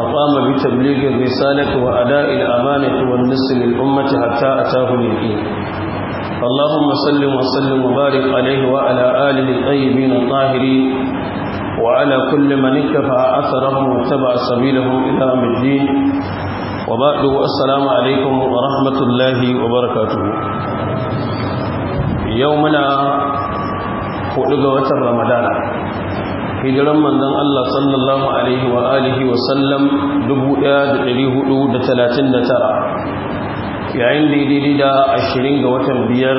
وقام بتبليغ الرسالة وأداء الأمانة والنصر للأمة حتى أتاه اليقين اللهم صل وسلم وبارك عليه وعلى آله الطيبين الطاهرين وعلى كل من اتبع أثرهم واتبع سبيلهم إلى الدين وبعد السلام عليكم ورحمة الله وبركاته يومنا خلق وتر رمضان hijiran manzan Allah sallallahu alaihi wa alihi wa sallam 1439 yayin daidai da 20 ga watan biyar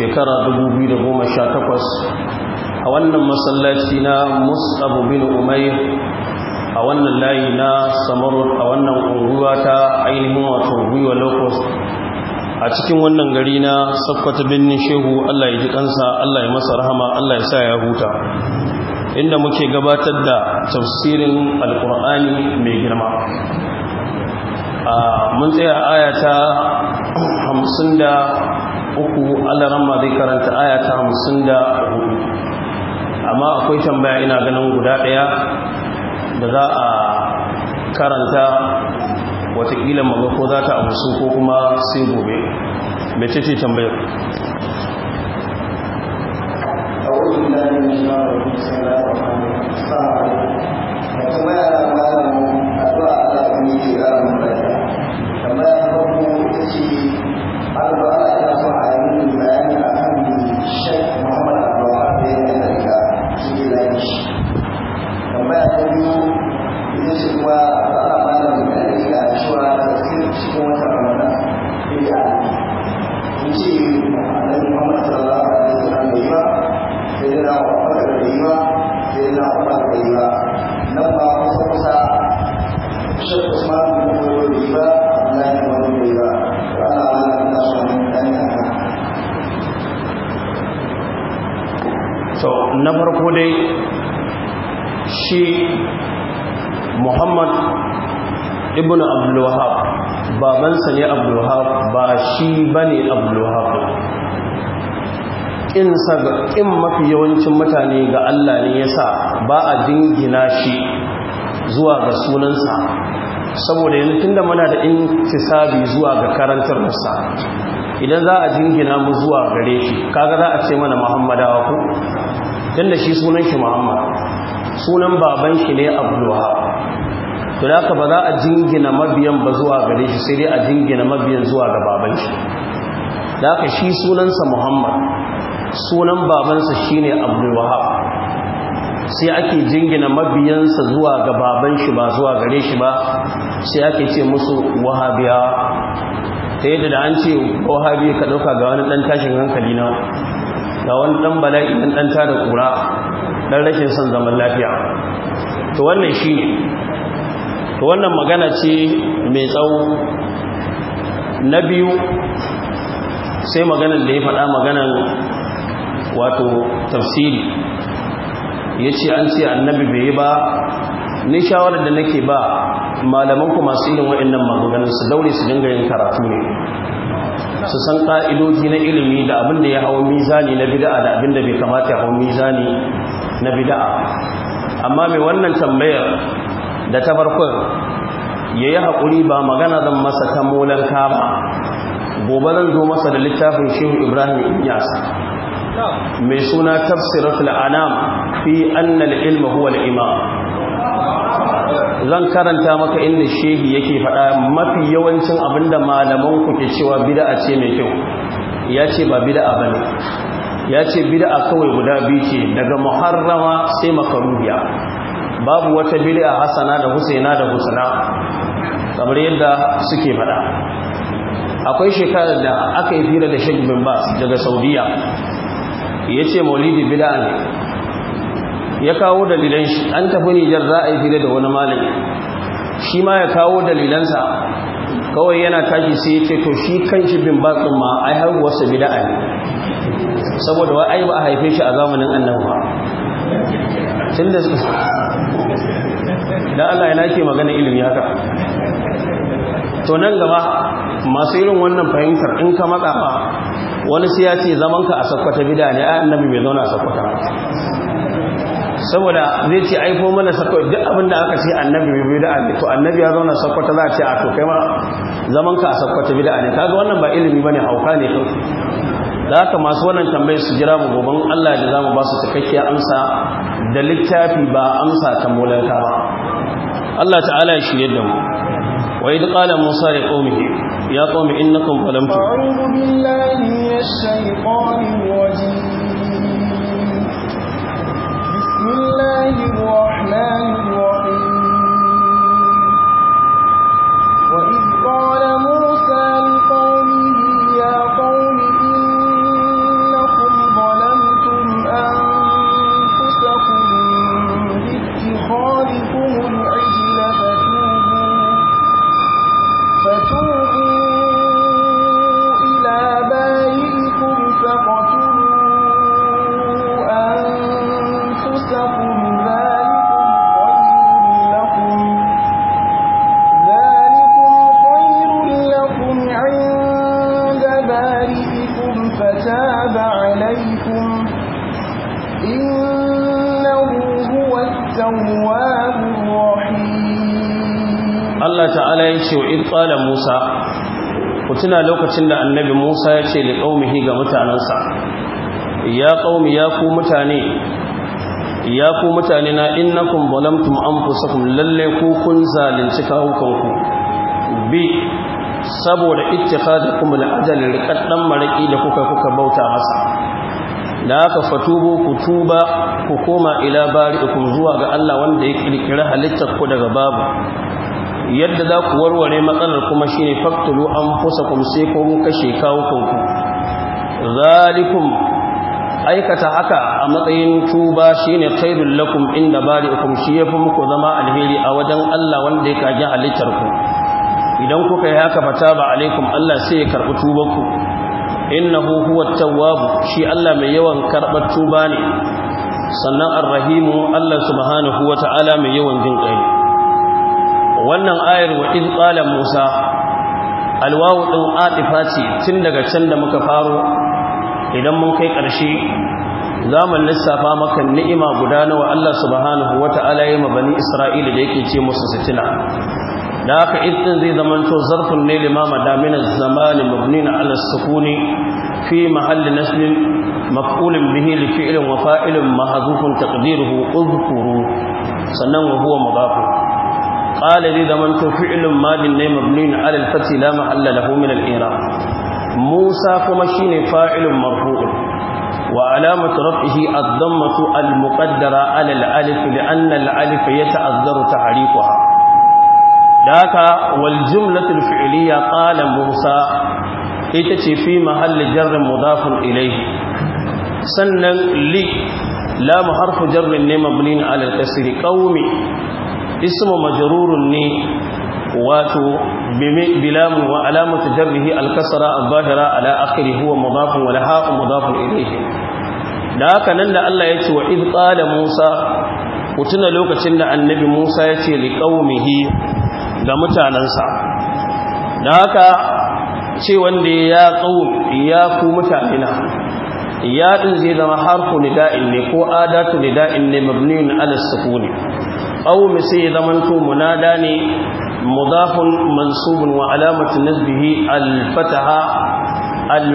shekara 2018 a wannan masallaci na Mus'ab bin umai, a wannan layi na Samarut a wannan unguwa ta ainihin wato gwiwa locust a cikin wannan gari na sakwata birnin shehu Allah ya ji kansa Allah ya masa rahama Allah ya sa ya huta inda muke gabatar da tafsirin alkur'ani mai girma a mun tsaya ayata 53 alarama zai karanta ayata 54 amma akwai tambaya ina ganin guda daya da za a karanta watakila maga ko za ta amsu ko kuma sai gobe mai ce tambayar Assalamualaikum warahmatullahi wabarakatuh. ibn abdullahab babansa ne abdullahab ba shi ba ne abdullahab in ga mafi yawancin mutane ga Allah ne ya sa ba a dingina shi zuwa ga sunansa saboda yanzu tun da muna da intisabi zuwa ga karantar karantarsa idan za a jingina mu zuwa gare shi kaga za a ce mana muhammadawa ku tun da shi sunan shi muhammad sunan baban shi ne abdullahi to da ka ba za a jingina mabiyan ba zuwa gare shi sai dai a jingina mabiyan zuwa ga baban shi da ka shi sunansa muhammad sunan babansa shine abdul wahab sai ake jingina mabiyansa zuwa ga baban shi ba zuwa gare shi ba sai ake ce musu wahabiya ta yadda da an ce wahabi ka ɗauka ga wani ɗan tashin hankali na ga wani ɗan bala'i ɗan ɗan tada kura ɗan rashin son zaman lafiya to wannan shi to wannan magana ce mai tsawo na biyu sai maganar da ya faɗa maganar wato tafsiri ya ce an ce annabi bai yi ba ni shawarar da nake ba malamanku masu irin waɗannan maganganun su daure su dinga yin karatu ne su san ƙa'idoji na ilimi da abin da ya hau mizani na bida'a da abin da bai kamata ya hau mizani na bida'a amma mai wannan tambayar da ta farkon ya yi haƙuri ba magana zan masa ta molan kama gobe zan zo masa da littafin shehu ibrahim iyas mai suna tafsirar anam fi annal ilmu huwa imam zan karanta maka inda shehi yake faɗa mafi yawancin abinda malaman ku ke cewa bida'a ce mai kyau ya ce ba bida'a bane ya ce bida'a kawai guda biyu ce daga muharrama sai makaruhiya babu wata bid'a hasana da husaina da husna kamar yadda suke faɗa akwai shekarar da aka yi fira da Sheikh bin Bas daga Saudiya yace Maulidi bid'a ne ya kawo dalilan shi an tafi Nijar za a yi fira da wani malami shi ma ya kawo dalilansa kawai yana tashi sai ya ce to shi kanshi bin Bas din ma ai haihuwarsa bid'a ne saboda wai ai ba a haife shi a zamanin annabi tunda da Allah ya nake magana ilimi haka to nan gaba masu irin wannan fahimtar in ka matsa ba wani sai ya ce zaman ka a sakwata bida ne a annabi bai zauna a sakwata saboda zai ce aiko mana sakwata duk abin da aka ce annabi mai bida ne to annabi ya zauna sakwata za a ce a to kai ma zaman ka a sakwata bida ne kaga wannan ba ilimi bane hauka ne kawai da haka masu wannan tambayar su jira mu goban Allah da zamu ba su cikakkiyar amsa da littafi ba amsa tambolanka ba Allah ta'ala ya shirya da mu wa idh qala musa li qaumihi ya qaumi innakum zalamtum a'udhu billahi minash rajim bismillahir rahmanir rahim wa idh qala musa li qaumihi ya qaumi ta'ala ya ce wa ƙala musa ku tuna lokacin da annabi musa ya ce da ga mutanensa ya ƙaumi ya ku mutane ya ku mutane na innakum zalamtum anfusakum lalle ku kun zalunci kawukanku bi saboda ittika da kuma la'ajalin rikaddan maraƙi da kuka kuka bauta masa da aka fatubu ku tuba ku koma ila bari zuwa ga Allah wanda ya kirkira halittar ku daga babu yadda za ku warware matsalar kuma shine faktulu fusa sai ku kashe kawukan ku zalikum aikata haka a matsayin tuba shine khairul lakum inda bari'ukum shi yafi muku zama alheri a wajen Allah wanda ya kaji halittarku. idan kuka yi haka ba alaikum Allah sai ya karbi tubanku Inna huwa tawwab shi Allah mai yawan karbar tuba ne sannan arrahimu Allah subhanahu wataala mai yawan jin ƙai. wannan ayar wa iz qala musa alwawu din atifa ce tun daga can da muka faro idan mun kai ƙarshe Zamani lissafa maka ni'ima guda nawa Allah subhanahu wata'ala ya bani Isra'ila da yake ce musu sitina da haka idan zai zamanto zarfin ne limama damina zamanin mabnina ala sukuni fi mahalli nasbin maf'ulin bihi li fi'lin wa fa'ilin mahdhufun taqdiruhu udhkuru sannan wa huwa قال ذي to فعل ماد ne mabnin ala al-fath la mahalla lahu min al-i'rab Musa kuma shine fa'ilun marfu' wa alamatu raf'ihi ad-dammatu al-muqaddara ala al-alif li'anna al-alif yata'addaru tahriquha daka wal jumlatu al-fi'liyya qala Musa ita ce fi mahalli jarr mudaf ilayhi sannan li lam harfu jarr ne mabnin ala al-kasri qaumi ismu majrurun ne wato bilamun wa alamatu jarrihi alkasara az-zahira ala akhiri huwa mudafun wa laha mudafun ilayhi da haka nan da Allah ya ce wa id qala Musa ku tuna lokacin da annabi Musa ya ce liqaumihi ga mutanansa da haka ce wanda ya qaum ya ku mutanina ya din zai zama harfu nida'in ne ko adatu nida'in ne mabniun ala sukuni aw mu sai zaman to munada ne mudafun mansubun wa alamatin nasbihi al-fataha al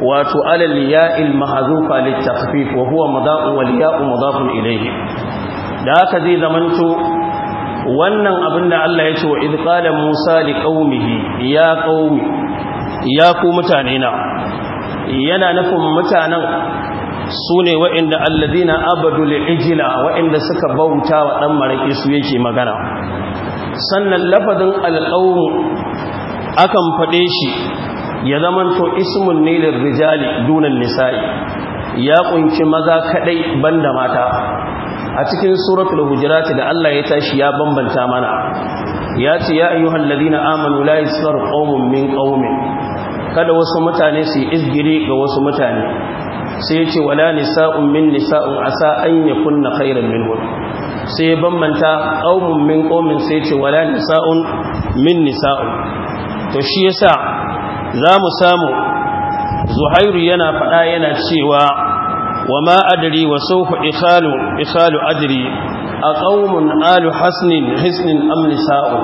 wato al-ya'il mahzufa lit-takhfif wa huwa wa al-ya'u mudafun ilayhi da haka zai zaman wannan abin da Allah ya ce wa id qala musa li qaumihi ya qaumi ya ku mutane yana nufin mutanen su ne wa'inda alladina abadu li'ijila wa'inda suka bauta wa ɗan maraƙi su yake magana sannan lafazin alƙawun akan faɗe shi ya zamanto ismun ne da rijali dunan nisa'i ya ƙunshi maza kaɗai banda mata a cikin suratul hujurati da Allah ya tashi ya bambanta mana ya ce ya ayyuhal ladina amanu la yasfar qaumun min kada wasu mutane su izgire ga wasu mutane sai ya ce wala nisa'un min nisa'un asa an yakunna khairan minhum sai ya bambanta qaumun min qaumin sai ya ce wala nisa'un min nisa'un to shi yasa zamu samu zuhairu yana faɗa yana cewa wama adri wa sawfa ikhalu ikhalu adri aqaumun alu hasnin hisnin am nisa'un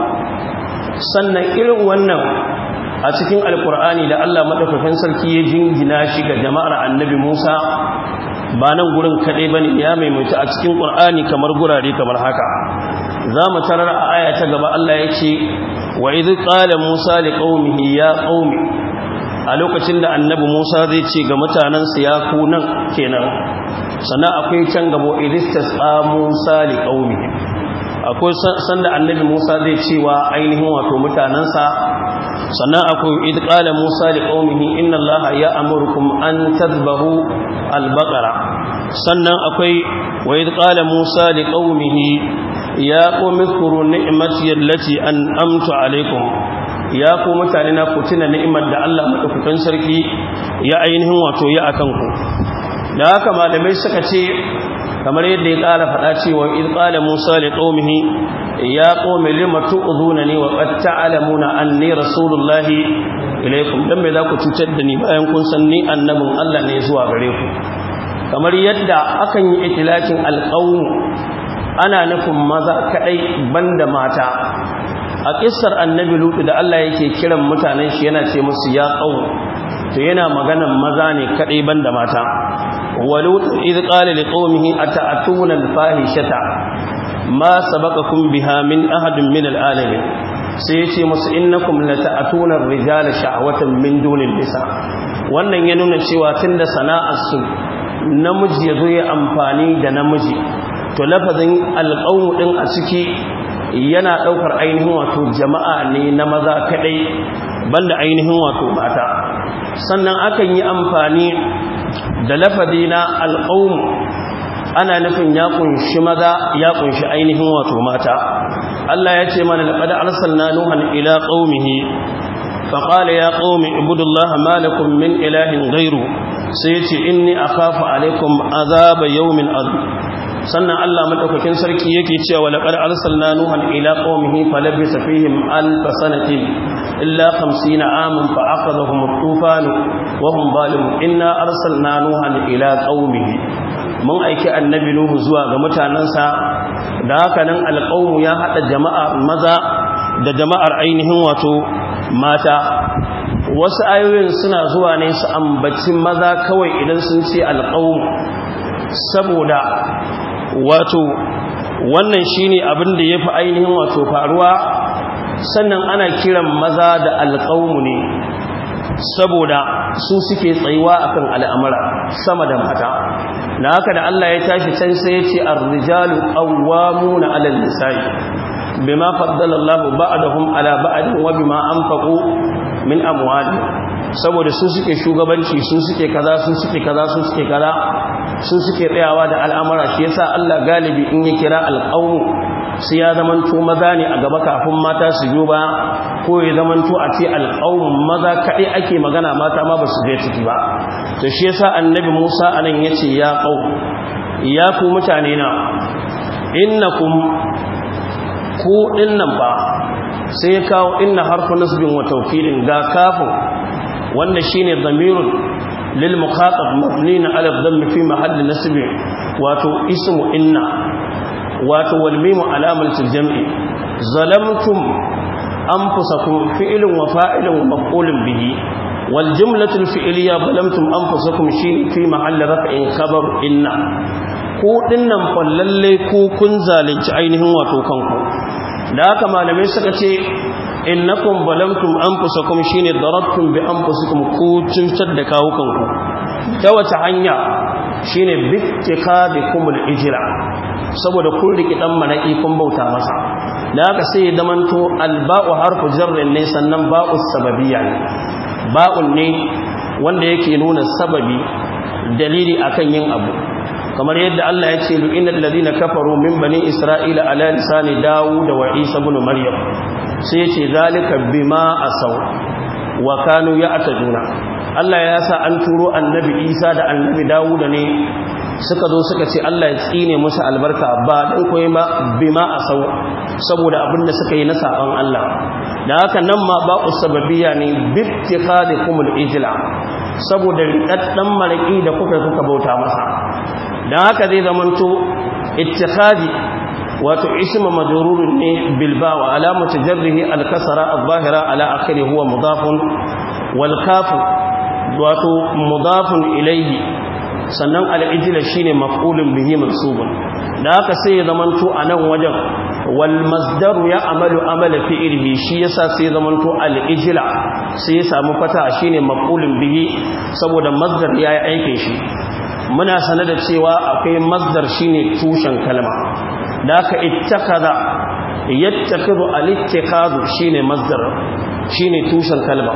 sannan irin wannan a cikin alkur'ani da Allah madafafin sarki ya jingina shi ga jama'ar annabi Musa ba nan gurin ba ne, ya maimaita a cikin qur'ani kamar gurare kamar haka za mu tarar a aya ta gaba Allah ya ce wa idh qala Musa liqaumihi ya qaumi a lokacin da annabi Musa zai ce ga mutanansa ya ku nan kenan sannan akwai can gabo idistasqa Musa liqaumihi akwai sanda annabi Musa zai cewa ainihin wato mutanensa? sannan akwai id qala musa li qaumihi inna ya amurkum an tadhbahu al sannan akwai wa id qala musa li qaumihi ya qaumi kuru ni'mati allati amtu alaykum ya ku mutane na ku tuna ni'imar da Allah kan sarki ya ainihin wato ya akan ku da haka malamai suka ce kamar yadda ya kara faɗa cewa in ƙala musa da qaumihi ya qaumi lima tu'uzuna wa ƙatta ta'lamuna anni rasulullahi ilaikum dan mai za ku cutar da ni bayan kun san ni annabin allah ne zuwa gare ku kamar yadda akan yi itilakin alqaum ana nufin maza kaɗai banda mata a ƙisar annabi lutu da allah yake kiran mutanen shi yana ce musu ya qaum to yana maganan maza ne kaɗai banda mata ولوط إذ قال لقومه أتأتون الفاحشة ما سبقكم بها من أحد من العالمين سيتي مس إنكم لتأتون الرجال شهوة من دون النساء wannan ya nuna cewa tunda sana'ar su namiji yazo ya amfani da namiji to lafazin alqawmu a ciki yana daukar ainihin wato jama'a ne na maza kadai banda ainihin wato mata sannan akan yi amfani da lafazi na alƙawun ana nufin ya kunshi maza ya kunshi ainihin wato mata Allah ya ce mana laqad arsalna nuhan ila qaumihi fa qala ya qaumi ibudullaha ma lakum min ilahin ghayru sai ya ce inni akhafu alaikum azaba yawmin azim sannan Allah madaukakin sarki yake cewa laqad arsalna nuhan ila qaumihi falabisa fihim alf sanatin illa 50 aman fa akhadhahum at-tufan wa hum zalimun inna arsalna nuhan ila qaumihi mun aiki annabi nuhu zuwa ga mutanansa da haka nan alqaumu ya hada jama'a maza da jama'ar ainihin wato mata wasu ayoyin suna zuwa ne su ambaci maza kawai idan sun ce alqaumu saboda wato wannan shine abin da yafi ainihin wato faruwa sannan ana kiran maza da alqaumu ne saboda su suke tsayuwa akan al'amara sama da mata na haka da Allah ya tashi can sai ya ce ar-rijalu qawwamuna 'ala an-nisa'i bima faddala Allahu ba'dahum 'ala ba'd wa bima anfaqu min amwalihim saboda sun suke shugabanci sun suke kaza sun suke kaza sun suke kaza sun suke tsayawa da al'amara shi yasa Allah galibi in ya kira alqawmu su ya to maza ne a gaba kafin mata su yi ba ko ya to a ce alqawmu maza kaɗai ake magana mata ma ba su je ciki ba to shi yasa annabi Musa anan yace ya ce ya ku mutane na innakum ku dinnan ba sai ya kawo inna harfu nasbin wa tawkilin ga kafin wanda shine damirun lil muqatab mabni ala dhamm fi mahall nasb wato ismu inna wato wal mim alamatul jam'i zalamtum anfusakum fi'lun wa fa'ilun maf'ulun bihi wal jumlatul fi'liya zalamtum anfusakum shi fi mahall raf'in khabar inna ku dinnan fallalle ku kun zalunci ainihin wato kanku da haka malamai suka ce innakum balamtum anfusakum shine darabtum bi anfusikum ku cutar da kawukanku ta wata hanya shine bittiqabikum al-ijra saboda kun riki dan malaki kun bauta masa da haka sai ya zamanto alba'u harfu jarrin ne sannan ba'u sababiyya ne ba'un ne wanda yake nuna sababi dalili akan yin abu kamar yadda Allah ya ce lu'inal ladina kafaru min bani isra'ila ala lisani dawud wa isa ibn maryam sai ce zalika bima asau wa kanu ya atajuna Allah ya sa an turo annabi Isa da annabi Dawuda ne suka zo suka ce Allah ya tsine musu albarka ba dan koyi ma bima asau saboda abin da suka yi na saban Allah da haka nan ma ba sababiya ne bittiqadikum al-ijla saboda riƙaɗɗen malaki da kuka kuka bauta masa dan haka zai zamanto ittikhadi wato isma majrurun ne Bilbawa, ba wa alamatu jarrihi al al ala akhiri huwa mudafun Walkafu, wato mudafun Ilaihi, sannan Al'ijila shi ne maf'ulun bihi mansubun da haka sai ya zamanto anan wajen wal ya amalu amala fi'lihi shi yasa sai ya zamanto Al'ijila sai ya samu fata shine maf'ulun bihi saboda masdar yayi aikin shi muna sanar da cewa akwai masdar shine tushen kalma daka ittakhadha yattakhidhu al-ittikhadhu shine masdar shine tushen kalma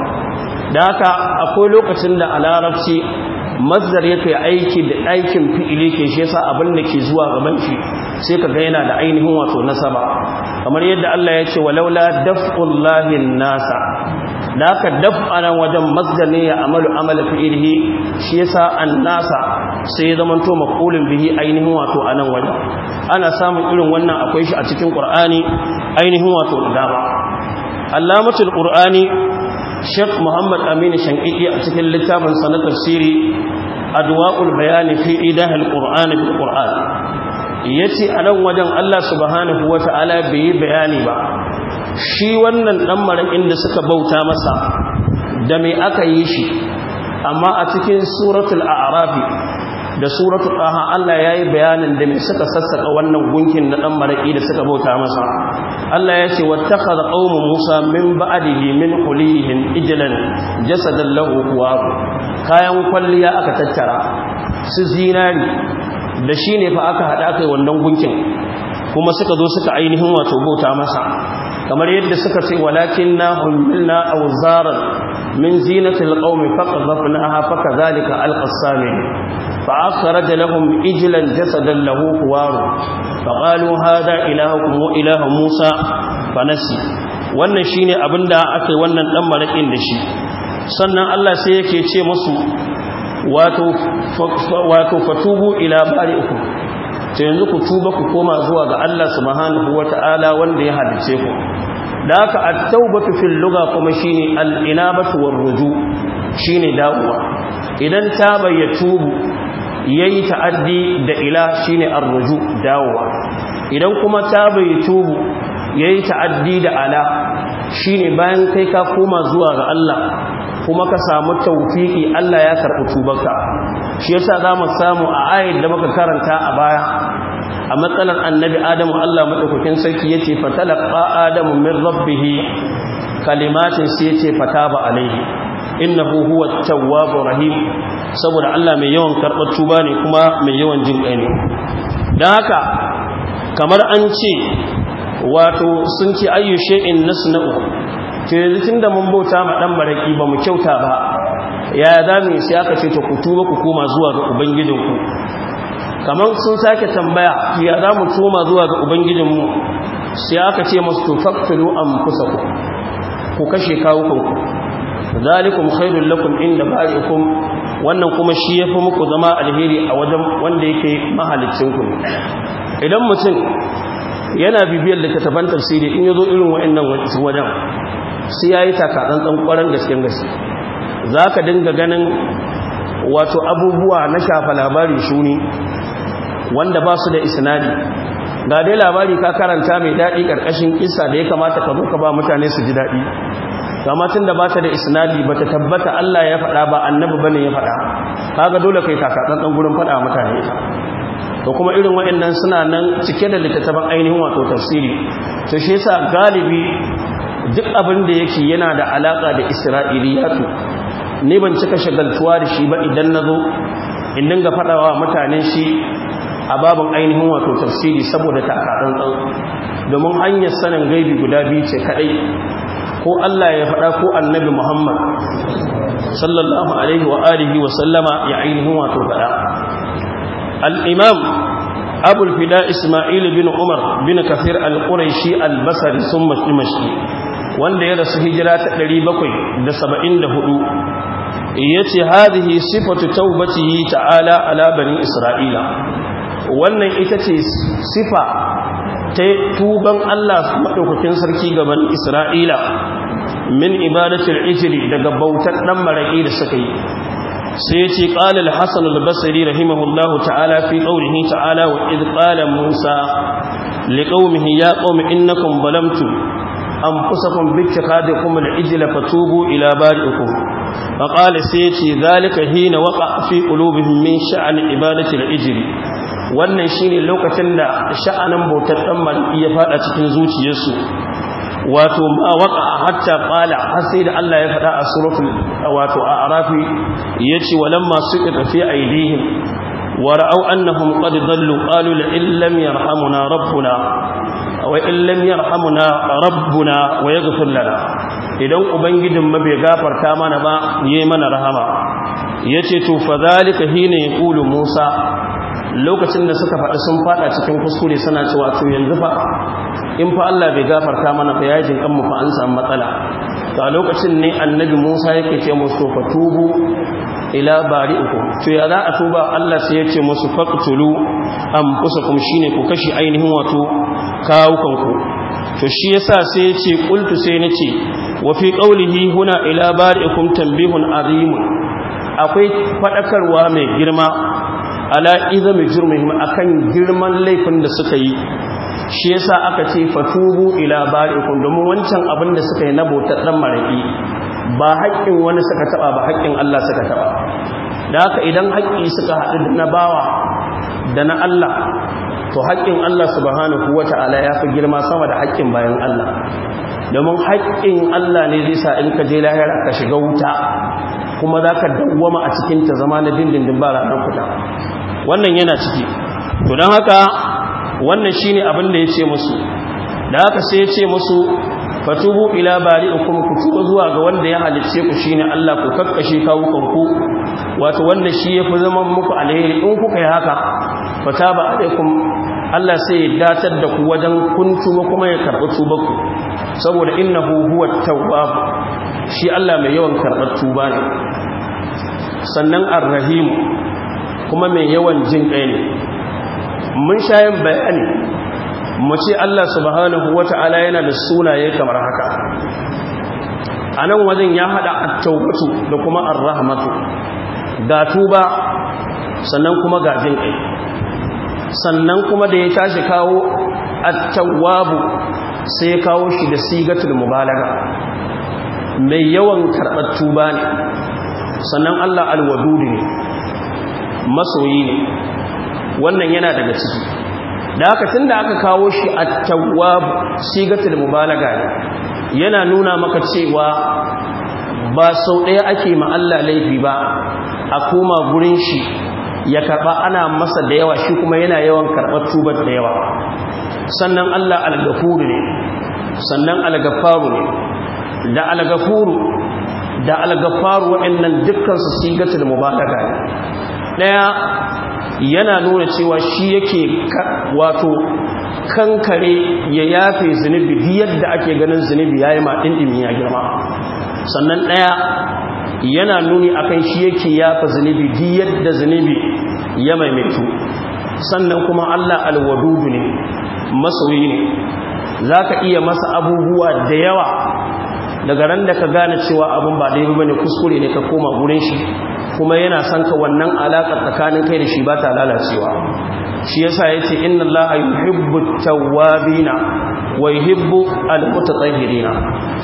aka akwai lokacin da a larabci ya yake aiki da aikin fi'ili ke shi yasa abin da ke zuwa gaban shi sai ka ga yana da ainihin wato nasaba kamar yadda Allah ya ce wa laula walaula daf'ullahi nasa da aka daf anan wajen masdar ya amalu amala fi'ilihi shi yasa an nasa sai ya zama to maqulun bihi ainihin wato nan wajen ana samun irin wannan akwai shi a cikin qur'ani ainihin wato dama allamatul qur'ani Sheikh Muhammad Aminu Shanqiqi a cikin littafin sa na tafsiri Adwa'ul Bayani fi Idahil Qur'ani bil Qur'an yace a nan wajen Allah subhanahu wata'ala bai bayani ba shi wannan ɗan maraƙin da suka bauta masa da mai aka yi shi amma a cikin suratul a'rafi da suratul aha, Allah ya yi bayanin da mai suka sassaka wannan gunkin na ɗan maraƙi da suka bauta masa Allah ya ce wata da ƙaunin musa min ba'adihi min kulihin ijilan jasadan lahu kuwa kayan kwalliya aka tattara su zinari da shi ne fa aka haɗa kai wannan gunkin kuma suka zo suka ainihin wato bauta masa kamar yadda suka ce walakin na hulmilna auzaran min zinatil qaumi faqadhafnaha fakadhalika alqasami fa akhraja lahum ijilan jasadan lahu huwar fa qalu hadha ilahukum wa ilahu musa fa nasi wannan da abinda akai wannan dan malakin da shi sannan Allah sai yake ce musu wato wato fatubu ila uku, ta yanzu ku tuba ku koma zuwa ga Allah subhanahu ta'ala wanda ya halice ku da haka at-taubatu fil luga kuma shine al-inabatu war-ruju shine da'uwa idan ta ya tubu yayi ta'addi da ila shine ar-ruju da'uwa idan kuma taba ya tubu yayi ta'addi da ala shine bayan kai ka koma zuwa ga Allah kuma ka samu tawfiki Allah ya karɓi tubarka shi yasa zamu samu a ayin da muka karanta a baya a matsalar annabi adamu Allah madaukakin sarki ya ce yace ba adamu min rabbihi kalimatin sai fata ba alaihi innahu huwa ba rahim saboda Allah mai yawan karɓar tuba ne kuma mai yawan jin kai ne dan haka kamar an ce wato sun ce ayyu shay'in nasna'u ke yanzu da mun bauta ma dan baraki ba mu kyauta ba ya za mu sai aka ce ta ku tuba ku koma zuwa ga ubangijinku kamar sun sake tambaya ya za mu tsoma zuwa ga ubangijinmu sai aka ce masu tufaktulu an kusa ku ku kashe kawukanku zalikun khairun lakun inda ba'ikum wannan kuma shi ya fi muku zama alheri a wajen wanda yake mahalicinku idan mutum yana bibiyar littattafan tafsiri in zo irin wa'annan wajen sai yayi takatsantsan kwaran gaskiyar gaske zaka dinga ganin wato abubuwa na shafa labari shuni wanda ba su da isnadi ga dai labari ka karanta mai daɗi ƙarƙashin kissa da ya kamata ka zo ba mutane su ji daɗi kama tun da ba ta da isnadi ba ta tabbata Allah ya faɗa ba annabi ba ne ya faɗa kaga dole kai kakatsantsan gurin faɗa mutane to kuma irin waɗannan suna nan cike da littattafan ainihin wato tafsiri to shi yasa galibi duk abin da yake yana da alaƙa da isra'iliyatu ne ban cika shagaltuwa da shi ba idan na zo in dinga faɗawa mutanen shi a babin ainihin wato tafsiri saboda taka ɗan domin hanyar sanin gaibi guda biyu ce kaɗai ko Allah ya faɗa ko annabi Muhammad sallallahu alaihi wa alihi wa sallama ya ainihin wato faɗa al-imam أبو الفداء إسماعيل بن عمر بن كثير القريشي البصري ثم دمشقي wanda ya rasu hijira ta 774 yace hadhihi sifatu tawbatihi ta'ala ala bani isra'ila wannan ita ce sifa ta tuban Allah maɗaukakin sarki gaban Isra'ila min ibadatul ijiri daga bautar ɗan maraƙi da suka yi sai ce ƙalil hassan albasari rahimahullahu ta'ala fi ƙaunihi ta'ala wa iz musa liƙaumihi ya ƙaumi innakun balamtu an fusakun bikin kada kuma da ijila tubu, ila bari'uku a ƙala sai ce zalika hina waƙa fi ƙulubihin min sha'an ibadatul ijiri wannan shine lokacin da sha'anin bautar ɗan maliki ya cikin zuciyarsu wato ma waka hatta ƙala har sai da Allah ya faɗa a suratul wato a arafi yace walamma suqita fi aidihim wa ra'aw annahum qad dallu qalu la illam yarhamuna rabbuna wa illam yarhamuna rabbuna wa yaghfir lana idan ubangijin ma bai gafarta mana ba yayi mana rahama yace to fa zalika hina yaqulu musa lokacin da suka faɗi sun faɗa cikin kuskure suna cewa to yanzu fa in fa Allah bai gafarta mana fa yajin kan mu fa an samu matsala to a lokacin ne annabi Musa yake ce musu fa tubu ila to ya za a tuba Allah sai ya ce musu faqtulu kusukum shine ku kashi ainihin wato kawukan ku to shi yasa sai ya ce qultu sai nace wa fi qawlihi huna ila bari'ikum tanbihun azim akwai fadakarwa mai girma ala izami a akan girman laifin da suka yi shi yasa aka ce fatubu ila barikum domin wancan abin da suka yi na bautar dan ba haƙƙin wani suka taba ba haƙƙin Allah suka taba da haka idan haƙƙi suka haɗu na bawa da na Allah to haƙƙin Allah subhanahu wata'ala ya fi girma sama da haƙƙin bayan Allah domin haƙƙin Allah ne zai sa in ka je lahira ka shiga wuta kuma za ka dawwama a cikin ta zama na dindindin ba ranar kuta wannan yana ciki to don haka wannan shine abin da ya ce musu da haka sai ya ce musu fatubu ila kuma ku tuba zuwa ga wanda ya halarce ku shi ne, Allah ku kakkashe kawukan ku wato wanda shi ya fi zaman muku alheri in kuka yi haka fataba alaikum Allah sai ya datar da ku wajen kun tuba kuma ya karɓi tuba ku saboda innahu huwa tawwab shi Allah mai yawan karɓar tuba ne sannan arrahim kuma mai yawan jin kai ne mun shayin bayani mu ce Allah subhanahu wata'ala yana da sunaye kamar haka a nan wajen ya haɗa attaubatu da kuma arrahmatu ga tuba sannan kuma ga jin kai sannan kuma da ya tashi kawo attawabu sai ya kawo shi da sigatul mubalaga mai yawan karɓar tuba ne sannan Allah alwadudu ne masoyi ne wannan yana daga ciki da aka tun da aka kawo shi a tawwab sigatul mubalaga yana nuna maka cewa ba sau ɗaya ake ma Allah laifi ba a koma gurin shi ya karba ana masa da yawa shi kuma yana yawan karɓar tubar da yawa sannan Allah algafuru ne sannan algafaru ne da algafuru da algafaru waɗannan dukkansu sigatul mubalaga ne ɗaya yana nuna cewa shi yake wato kankare ya yafe zunubi duk yadda ake ganin zunubi yayi ma dindimi ya girma sannan ɗaya yana nuni akan shi yake yafe zunubi duk yadda zunubi ya maimaitu sannan kuma Allah alwadudu ne masoyi ne zaka iya masa abubuwa da yawa daga ran da ka gane cewa abin ba daidai bane kuskure ne ka koma gurin shi kuma yana son ka wannan alaƙar tsakanin kai da shi ba ta lalacewa shi yasa yace inna allaha yuhibbu tawwabina wa yuhibbu almutatahhirina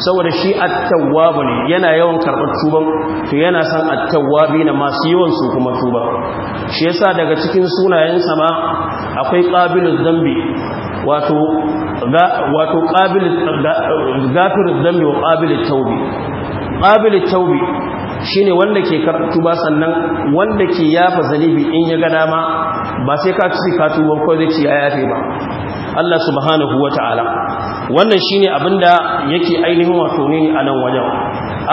saboda shi at-tawwab ne yana yawan karɓar tuba to yana son at-tawwabina masu yawan su kuma tuba shi yasa daga cikin sunayen ma akwai qabilul zambi wato wato qabilul gafiruz wa qabilut tawbi qabilut tawbi Shi ne wanda ke karatu ba sannan wanda ke yafa zalibi in ya gada ma, ba sai ka ci ka tuba ko zai ci ya yafe ba Allah subhanahu ta'ala. wannan shi shine abinda yake ainihin wato ne a nan wajen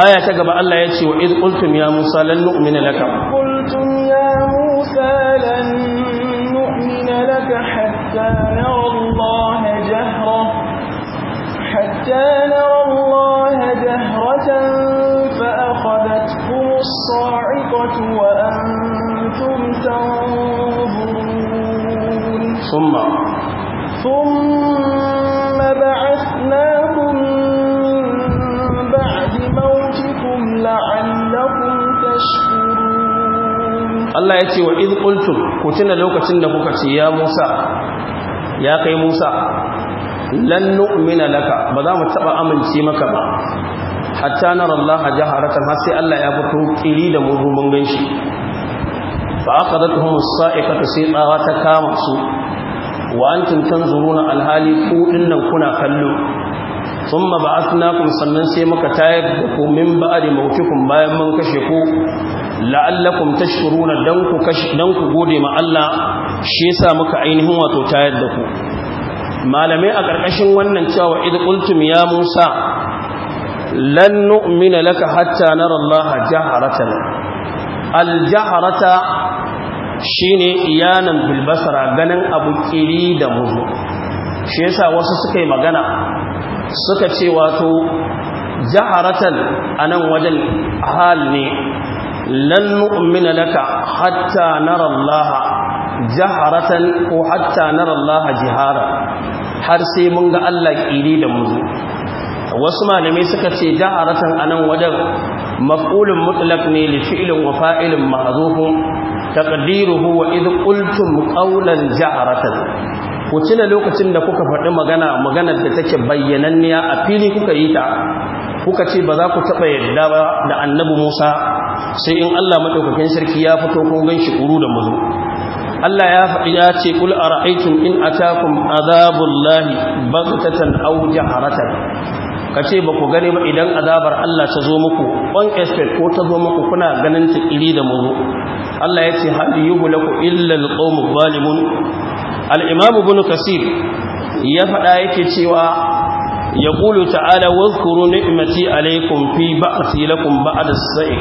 aya ta gaba Allah ya ce wa iz qultum ya musa lan nu'mina laka qultum ya musa lan nu'mina laka hatta nara الصاعقة وأنتم تنظرون ثم ثم بعثناكم من بعد موتكم لعلكم تشكرون الله يتي وإذ قلتم كنتنا لو كتنا بكتي يا موسى يا كي موسى lan nu'mina laka ba za mu taba amince maka ba hatta nara jihar jaharatan har sai Allah ya fito kiri da mu mun ganshi fa akhadathum as-sa'ikatu sai tsawa ta kama su wa antum alhali al-hali ku dinnan kuna kallo thumma ba'athnakum sannan sai muka tayar da ku min ba'di mawtikum bayan mun kashe ko. La'allakun tashkuruna dan ku ku gode ma Allah shi sa muka ainihin wato tayar da ku malamai a ƙarƙashin wannan cewa idh qultum ya Musa lan nu'mina laka hatta nara Allah jaharatan al jaharata shine iyanan bil basara ganin abu kiri da muzu shi yasa wasu suka yi magana suka ce wato jaharatan anan wajen hal ne lan nu'mina laka hatta nara Allah jaharatan ko hatta nara Allah jihara har sai mun ga Allah kiri da muzu wasu malamai suka ce ja'aratan anan wajen maf'ulun mutlaq ne li fi'lin wa fa'ilin ma'zufun taqdiruhu wa idh qultum qawlan ja'aratan ku tuna lokacin da kuka faɗi magana maganar da take bayyananniya a fili kuka yi ta kuka ce ba za ku taɓa yadda ba da annabi Musa sai in Allah madaukakin sarki ya fito kun ganshi kuru da muzu Allah ya faɗi ya ce kul ara'aytum in atakum azabullahi baghtatan aw jaharatan ka ce ba ku gani ba idan azabar Allah ta zo muku on expect ko ta zo muku kuna ganin ta iri da muzo Allah ya ce hal yuhlaku illa alqawm zalimun al-imam ibn kasir ya faɗa yake cewa yaqulu ta'ala wadhkuru ni'mati alaykum fi ba'thi lakum ba'da as-sa'i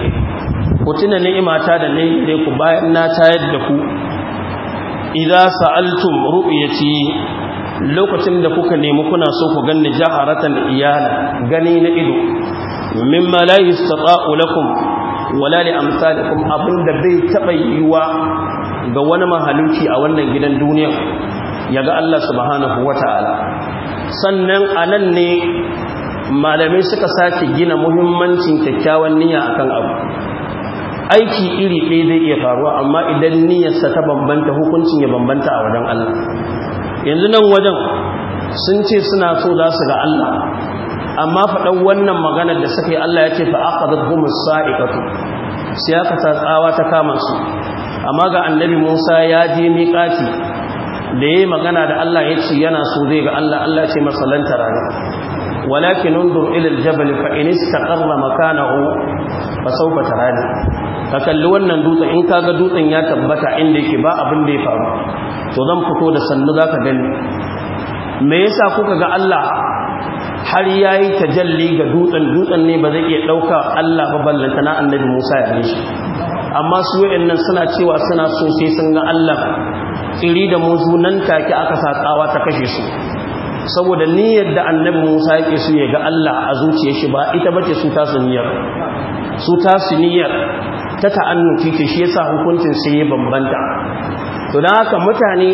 ku tuna ni'imata da nayi ku bayan na tayar da ku idza sa'altum ru'yati lokacin da kuka nemi kuna so ku ganni jaharatan iyala gani na ido mimma la yastata'u lakum wala li amsalikum abinda bai taba yiwa ga wani mahaluki a wannan gidan duniya yaga Allah subhanahu wataala sannan anan ne malamai suka sake gina muhimmancin kyakkyawan niyya akan abu aiki iri ɗaya zai iya faruwa amma idan niyyarsa ta bambanta hukuncin ya bambanta a wajen Allah yanzu nan wajen sun ce suna so za su ga Allah amma faɗan wannan maganar da suka yi Allah ya ce fa aka as-sa'iqatu sai aka tsawa ta kama su amma ga annabi Musa ya je miƙati da ya yi magana da Allah ya ce yana so zai ga Allah Allah ce masalanta rana walakin undur ilil jabal fa in istaqarra makanahu fa sawfa tarani ka kalli wannan dutsen in kaga dutsen ya tabbata inda yake ba abin da ya faru to zan fito da sannu za ka gani me yasa kuka ga Allah har ya yi tajalli ga dutsen dutsen ne ba zai iya ɗauka Allah ba ballanta na annabi Musa ya shi amma su nan suna cewa suna so sai sun ga Allah tsiri da muzu nan take aka sa tsawa ta kashe su saboda niyyar da annabi Musa yake so ya ga Allah a zuciyar shi ba ita bace su ta niyyar su ta niyyar ta ta'annuti ke shi yasa hukuncin sai ya bambanta to da haka mutane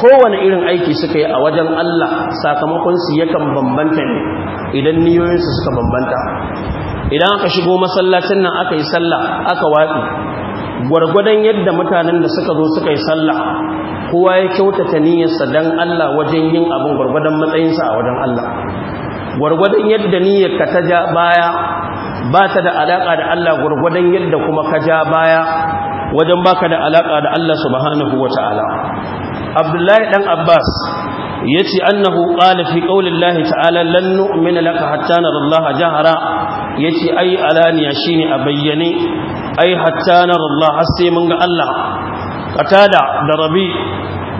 kowane irin aiki suka yi a wajen Allah sakamakonsu yakan bambanta ne idan niyoyinsu suka bambanta idan aka shigo masallacin nan aka yi sallah aka waɗi, gwargwadon yadda mutanen da suka zo suka yi sallah kowa ya kyautata niyyarsa don Allah wajen yin abin gwargwadon matsayinsa a wajen Allah gwargwadon yadda niyyarka ta ja baya ba ta da alaƙa da Allah gwargwadon yadda kuma ka ja baya wajen baka da alaka da Allah subhanahu wata'ala Abdullahi dan Abbas yace annahu qala fi qaulillahi ta'ala lan nu'mina laka hatta nara Allah jahara yace ai alaniya shine a bayyane ai hatta nara sai mun ga Allah qatada da rabi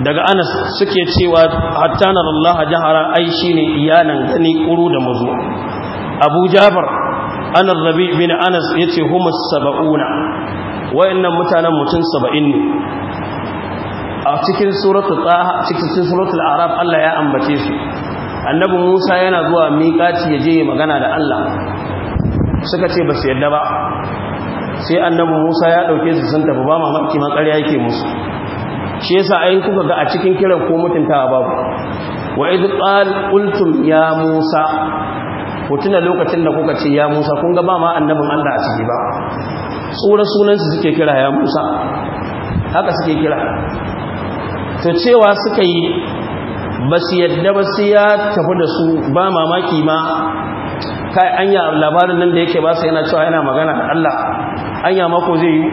daga Anas suke cewa hatta nara Allah jahara ai shine iyanan gani kuru da muzu Abu Jafar Rabi bin Anas yace humus sab'una wayannan mutanen mutum 70 ne a cikin suratul taha Allah ya ambace su annabi Musa yana zuwa miƙaci ya je magana da Allah suka ce ba su yadda ba sai annabi Musa ya ɗauke su sun tafi ba mamaki ma ƙarya yake musu shi yasa ayin kuka ga a cikin kiran ko mutuntawa babu wa idh qal qultum ya Musa ko tuna lokacin da kuka ce ya Musa kun ga ba ma annabin Allah a ciki ba tsoron sunansu suke kira ya musa haka suke kira to cewa suka yi ba su yadda ba su ya tafi da su ba mamaki ma kai anya labarin nan da yake ba su yana cewa yana magana da Allah anya mako zai yi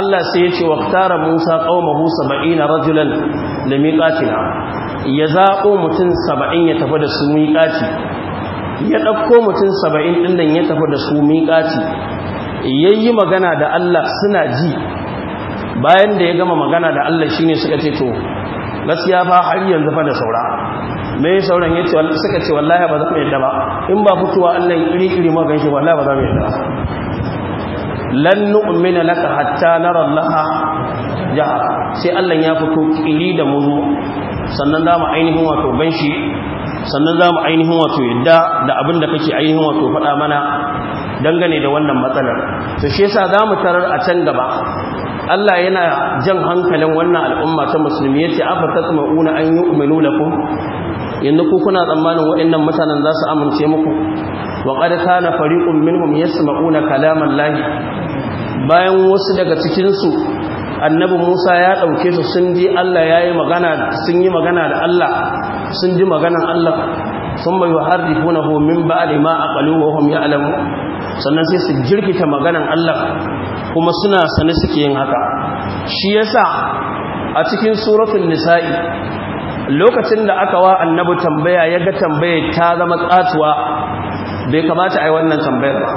Allah sai ya ce wa tara Musa qaumahu 70 rajulan da miqatina ya zaɓo mutum 70 ya tafi da su miqati ya ɗauko mutum 70 din nan ya tafi da su miqati yayi magana da Allah suna ji bayan da ya gama magana da Allah shine suka ce to gaskiya fa har yanzu fa da saura me sauran yace suka ce wallahi ba za mu yadda ba in ba fituwa Allah iri iri ma ganshi wallahi ba za mu yadda ba lan nu'mina laka hatta nara Allah ja sai Allah ya fito kiri da mu sannan za mu ainihin wato ganshi sannan za mu ainihin wato yadda da abin da kake ainihin wato faɗa mana dangane da wannan matsalar to shi yasa zamu tarar a can gaba Allah yana jan hankalin wannan al'umma ta musulmi yace afa tasma'una an yu'minu lakum yanzu ku kuna tsammanin waɗannan mutanen za su amince muku wa qad kana fariqun minhum yasma'una kalaman lahi bayan wasu daga cikin su annabi Musa ya dauke su sun ji Allah yayi magana sun yi magana da Allah sun ji maganan Allah homin ba da ma a أقلوا وهم alamu. sannan sai su jirkita maganan Allah kuma suna sane suke yin haka shi yasa a cikin suratul nisa'i lokacin da aka wa annabi tambaya ya ga tambayar ta zama katuwa bai kamata ai wannan tambayar ba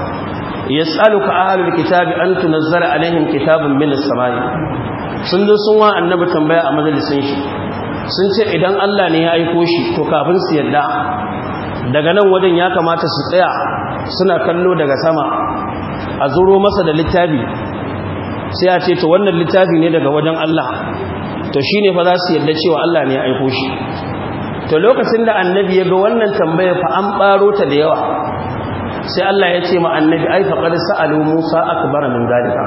Ya yas'aluka ahlul kitabi an tunzala alaihim kitabun minas samai sun zo sun wa annabi tambaya a majalisin shi sun ce idan Allah ne ya aiko shi to kafin su yadda daga nan wajen ya kamata su tsaya suna kallo daga sama a zuro masa da littafi sai a ce to wannan littafi ne daga wajen Allah to shi ne fa za su yarda cewa Allah ne ya aiko shi to lokacin da annabi ya ga wannan tambaya fa an ɓaro ta da yawa sai Allah ya ce ma annabi ai fa qad sa'alu Musa akbara min dalika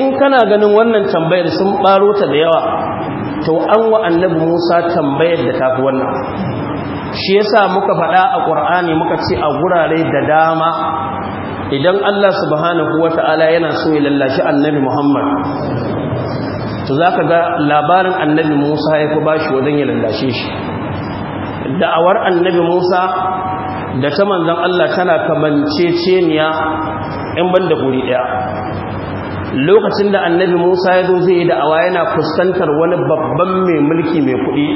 in kana ganin wannan tambayar sun ɓaro ta da yawa to an wa annabi Musa tambayar da tafi wannan shi yasa muka faɗa a ƙur'ani muka ce a gurare da dama idan Allah subhanahu wata'ala yana so ya lallashi annabi Muhammad to zaka ga labarin annabi Musa ya fi bashi wajen ya lallashe shi da'awar annabi Musa da ta manzon Allah tana kamance kamanceceniya in banda guri ɗaya. lokacin da annabi Musa ya zo zai yi da'awa yana fuskantar wani babban mai mulki mai kuɗi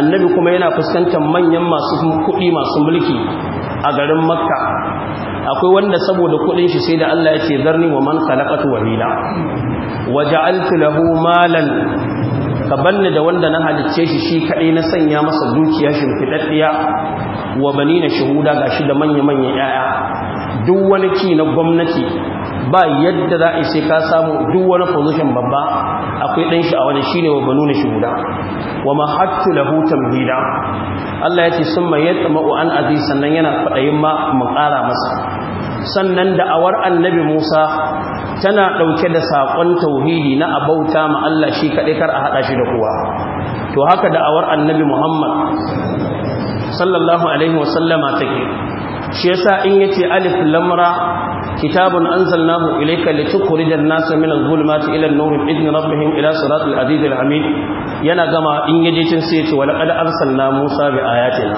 annabi kuma yana fuskantar manyan masu kuɗi masu mulki a garin makka akwai wanda saboda kuɗin shi sai da Allah ya ce zarni wa man khalaqatu wahida waja'altu lahu malan ka banni da wanda na halicce shi shi kaɗai na sanya masa dukiya shimfiɗaɗɗiya wa banina na shahuda ga shi da manya-manyan 'ya'ya duk wani ki na gwamnati ba yadda za a sai ka samu duk wani position babba akwai ɗan shi a wani shine wa nuna shi shuhuda wa mahattu lahu tamhida Allah ya ce sun mai yadda mau'an aziz sannan yana faɗayin ma mu ƙara masa sannan da awar annabi Musa tana ɗauke da saƙon tauhidi na abauta ma Allah shi kaɗai kar a haɗa shi da kowa to haka da awar annabi Muhammad sallallahu alaihi wasallama take shi yasa in yace alif lamra kitabun anzalnahu ilayka litukhrijan nasa min adh-dhulumati ila an-nur bi idni rabbihim ila siratil aziz al-hamid yana gama in yaje cin sai yace walaqad arsalna musa bi ayatina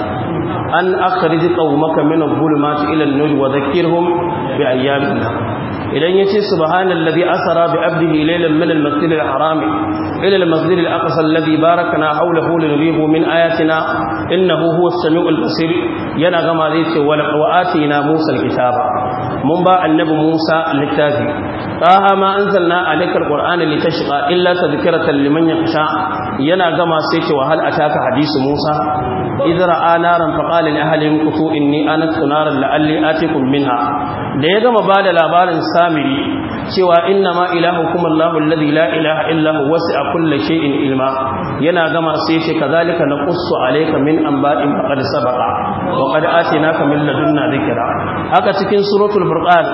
an akhrij qaumaka min adh-dhulumati ila an-nur wa dhakkirhum bi ayyamin idan yace subhanallazi asra bi abdihi laylan min al-masjid al-haram ila al-masjid al-aqsa alladhi barakna hawlahu linurihu min ayatina innahu huwa samiul basir yana gama zai ce wa atina musa al-kitaba mun ba annabi Musa littafi taha ma anzalna alayka alqur'ana litashqa illa tadhkiratan liman yakhsha yana gama sai ce wahal ataka hadisi Musa idra anaran faqala li ahli kufu inni anastu naran la'alli atikum minha da ya gama bada labarin samiri cewa inna ma ilahukum Allahu alladhi la ilaha illa huwa wasi'a kulli shay'in ilma yana gama sai ce kazalika naqussu alayka min anba'i ma qad sabaqa wa qad atinaka min ladunna dhikra haka cikin suratul furqan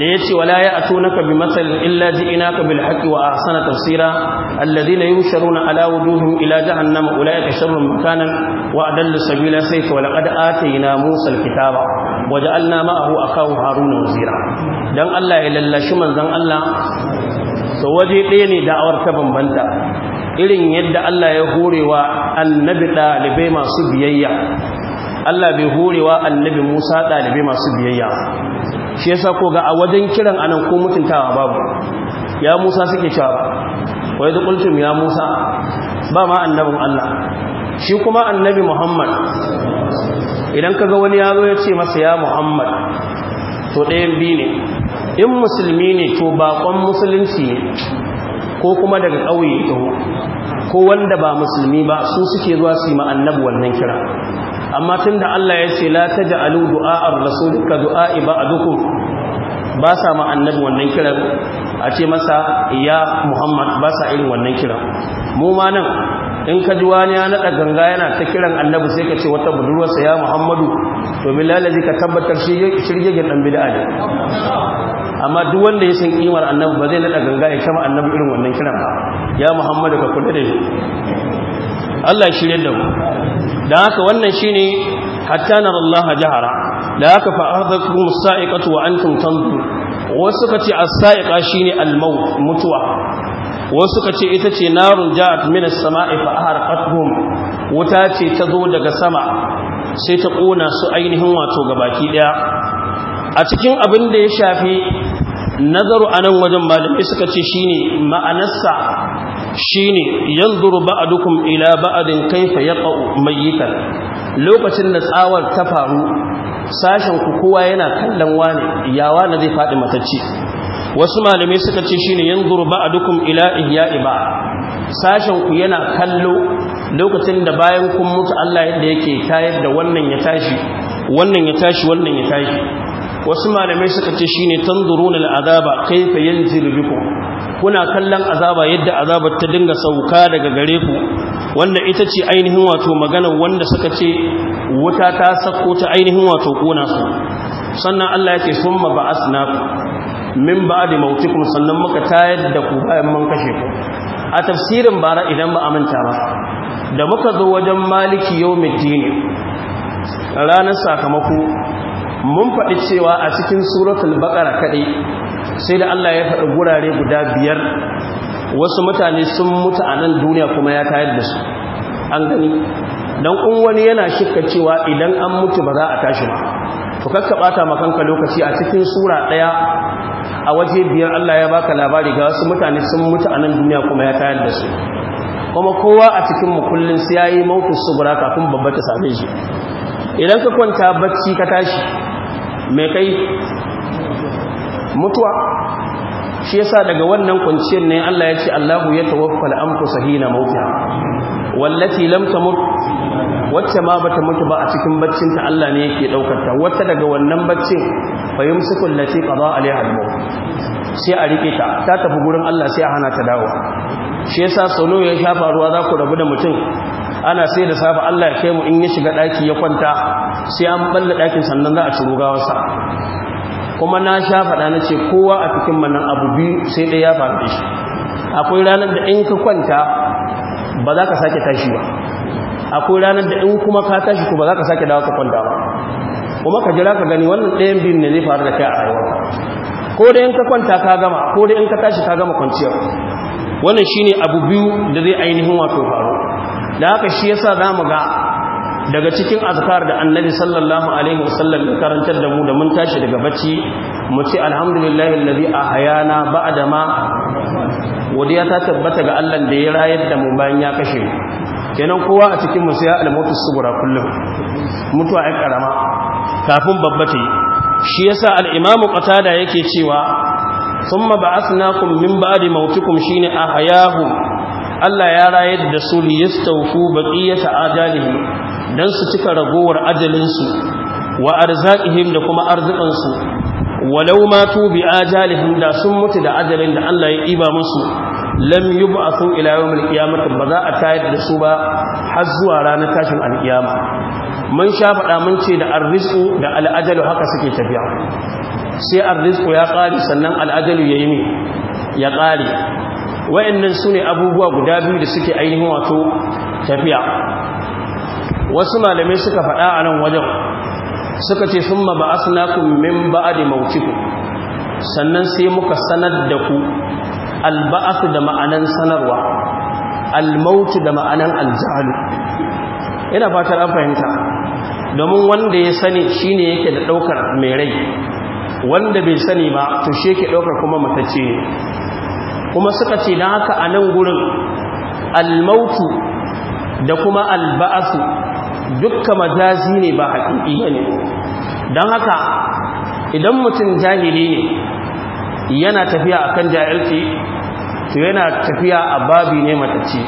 da yace wala ya'tunaka bimathal illa ji'naka bil haqqi wa ahsana tafsira alladhina yusharuna ala wujuhihim ila jahannam ulaika sharrun makanan wa adallu sabila sayfa wa laqad atayna musa al kitaba waja'alna ma'ahu akahu haruna wazira dan Allah ya lallashi manzon Allah to waje ɗaya ne da'awar ta bambanta irin yadda Allah ya horewa annabi ɗalibai masu biyayya Allah bai horewa annabi Musa ɗalibai masu biyayya shi yasa ko ga a wajen kiran anan ko mutuntawa babu ya Musa suke cewa wa yadda qultum ya Musa ba ma annabin Allah shi kuma annabi Muhammad idan kaga wani ya zo ya ce masa ya Muhammad to ɗayan biyu ne in musulmi ne to bakon musulunci ne ko kuma daga ƙauye ko wanda ba musulmi ba su suke zuwa su yi ma annabi wannan kira amma tun da Allah ya ce la taj'alu du'a ar-rasul ka du'a ba'dukum ba sa ma annabi wannan kiran a ce masa ya Muhammad ba sa irin wannan kiran mu ma nan in ka ji wani ya nada ganga yana ta kiran annabi sai ka ce wata budurwarsa ya Muhammadu to billahi ka tabbatar shi shirye ga dan bid'a ne amma duk wanda ya san kimar annabi ba zai nada ganga ya kama annabi irin wannan kiran ba ya Muhammadu ka kula da shi Allah ya shirye da mu dan haka wannan shine hatta nar Allah jahara da haka fa ahdathukum sa'iqatu wa antum tanzu wasu kace as-sa'iqa shine al-maut mutuwa wasu kace ita ce narun ja'at min as-sama'i fa aharqatuhum wuta ce ta zo daga sama sai ta kona su ainihin wato gabaki daya a cikin abin da ya shafi nazaru anan wajen malamai suka ce shine ma'anarsa shine yanzuru ba'adukum ila ba'din kayfa yaqa'u mayyita lokacin da tsawar ta faru sashen ku kowa yana kallon wani yawa na zai fadi matacce wasu malamai suka ce shine yanzuru ba'adukum ila ihya ba sashen ku yana kallo lokacin da bayan kun mutu Allah yadda yake tayar da wannan ya tashi wannan ya tashi wannan ya tashi wasu malamai suka ce shine tanzuruna al'adaba kaifa yanzuru bikum kuna kallon azaba yadda azabar ta dinga sauka daga gare ku wanda ita ce ainihin wato magana wanda suka ce wuta ta sako ta ainihin wato kona su sannan Allah yake summa ba'asna min mauti mautikum sannan muka tayar da ku bayan mun kashe ku a tafsirin bara idan ba aminta ba da muka zo wajen maliki yau yawmiddin ranar sakamako mun faɗi cewa a cikin suratul baqara kaɗai. sai da Allah ya faɗa gurare guda biyar wasu mutane sun mutu a nan duniya kuma ya tayar da su an gani don kun wani yana shirka cewa idan an mutu ba za a tashi ba to kakka bata makanka lokaci a cikin sura ɗaya a waje biyar Allah ya baka labari ga wasu mutane sun mutu a nan duniya kuma ya tayar da su kuma kowa a cikin mu kullun sai yayi mautu subra kafin babba ta same shi idan ka kwanta bacci ka tashi mai kai mutuwa shi yasa daga wannan kunciyar ne Allah ya ce Allahu ya tawaffal anfusa hina mautiha wallati lam tamut wacce ma bata mutu ba a cikin ta Allah ne yake daukar ta wata daga wannan baccin fayumsiku allati qada alaiha al-maut sai a rike ta ta tafi gurin Allah sai a hana ta dawo shi yasa sono ya shafa ruwa za ku rabu da mutum ana sai da safa Allah ya kai mu in ya shiga daki ya kwanta sai an balla dakin sannan za a ci rugawarsa kuma na sha faɗa na ce kowa a cikin manan abu biyu sai ɗaya ya faru shi akwai ranar da in ka kwanta ba za ka sake tashi ba akwai ranar da in kuma ka tashi ko ba za ka sake dawo ka kwanta ba kuma ka jira ka gani wannan ɗayan biyun ne zai faru da kai a rayuwa ko da in ka kwanta ka gama ko da in ka tashi ka gama kwanciyar wannan shine abu biyu da zai ainihin wato faru da haka shi yasa zamu ga daga cikin azkar da annabi sallallahu alaihi wasallam ya karantar da mu da mun tashi daga bacci mu ce alhamdulillahi allazi ahyana ba'da ma wadiya ta tabbata ga Allah da ya rayar da mu bayan ya kashe kenan kowa a cikin mu sai al-mautu sugura kullum mutuwa ai karama kafin babbace shi yasa al-imamu qatada yake cewa thumma ba'athnakum min ba'di mawtikum shine ahyahu Allah ya rayar da su ya yastawfu baqiyata ajalihim don su cika ragowar ajalinsu wa arzakihim da kuma arzikansu, walauma walau matu bi ajalihim da sun mutu da ajalin da Allah ya iba musu lam a a sun ilayen qiyamah ba za a tayar da su ba har zuwa ranar tashin alkiyama mun sha faɗa mun ce da arrisku da al'ajalu haka suke tafiya sai arrisku ya ƙari sannan al'ajalu ya yi ya ƙari wayannan su ne abubuwa guda biyu da suke ainihin wato tafiya wasu malamai suka faɗa a nan wajen suka ce sun ma ba ku min da mautiku sannan sai muka sanar da ku alba'asu da ma'anan sanarwa almautu da ma'anan aljalu ina fatar an fahimta domin wanda ya sani shi ne yake da ɗaukar mai rai wanda bai sani ba to shi yake ɗaukar kuma matacce ne kuma suka ce don haka a nan gurin almautu da kuma alba'asu dukka majazi ne ba haƙiƙi ba ne don haka idan mutum jahili ne yana tafiya akan jahilci to yana tafiya a babi ne matacce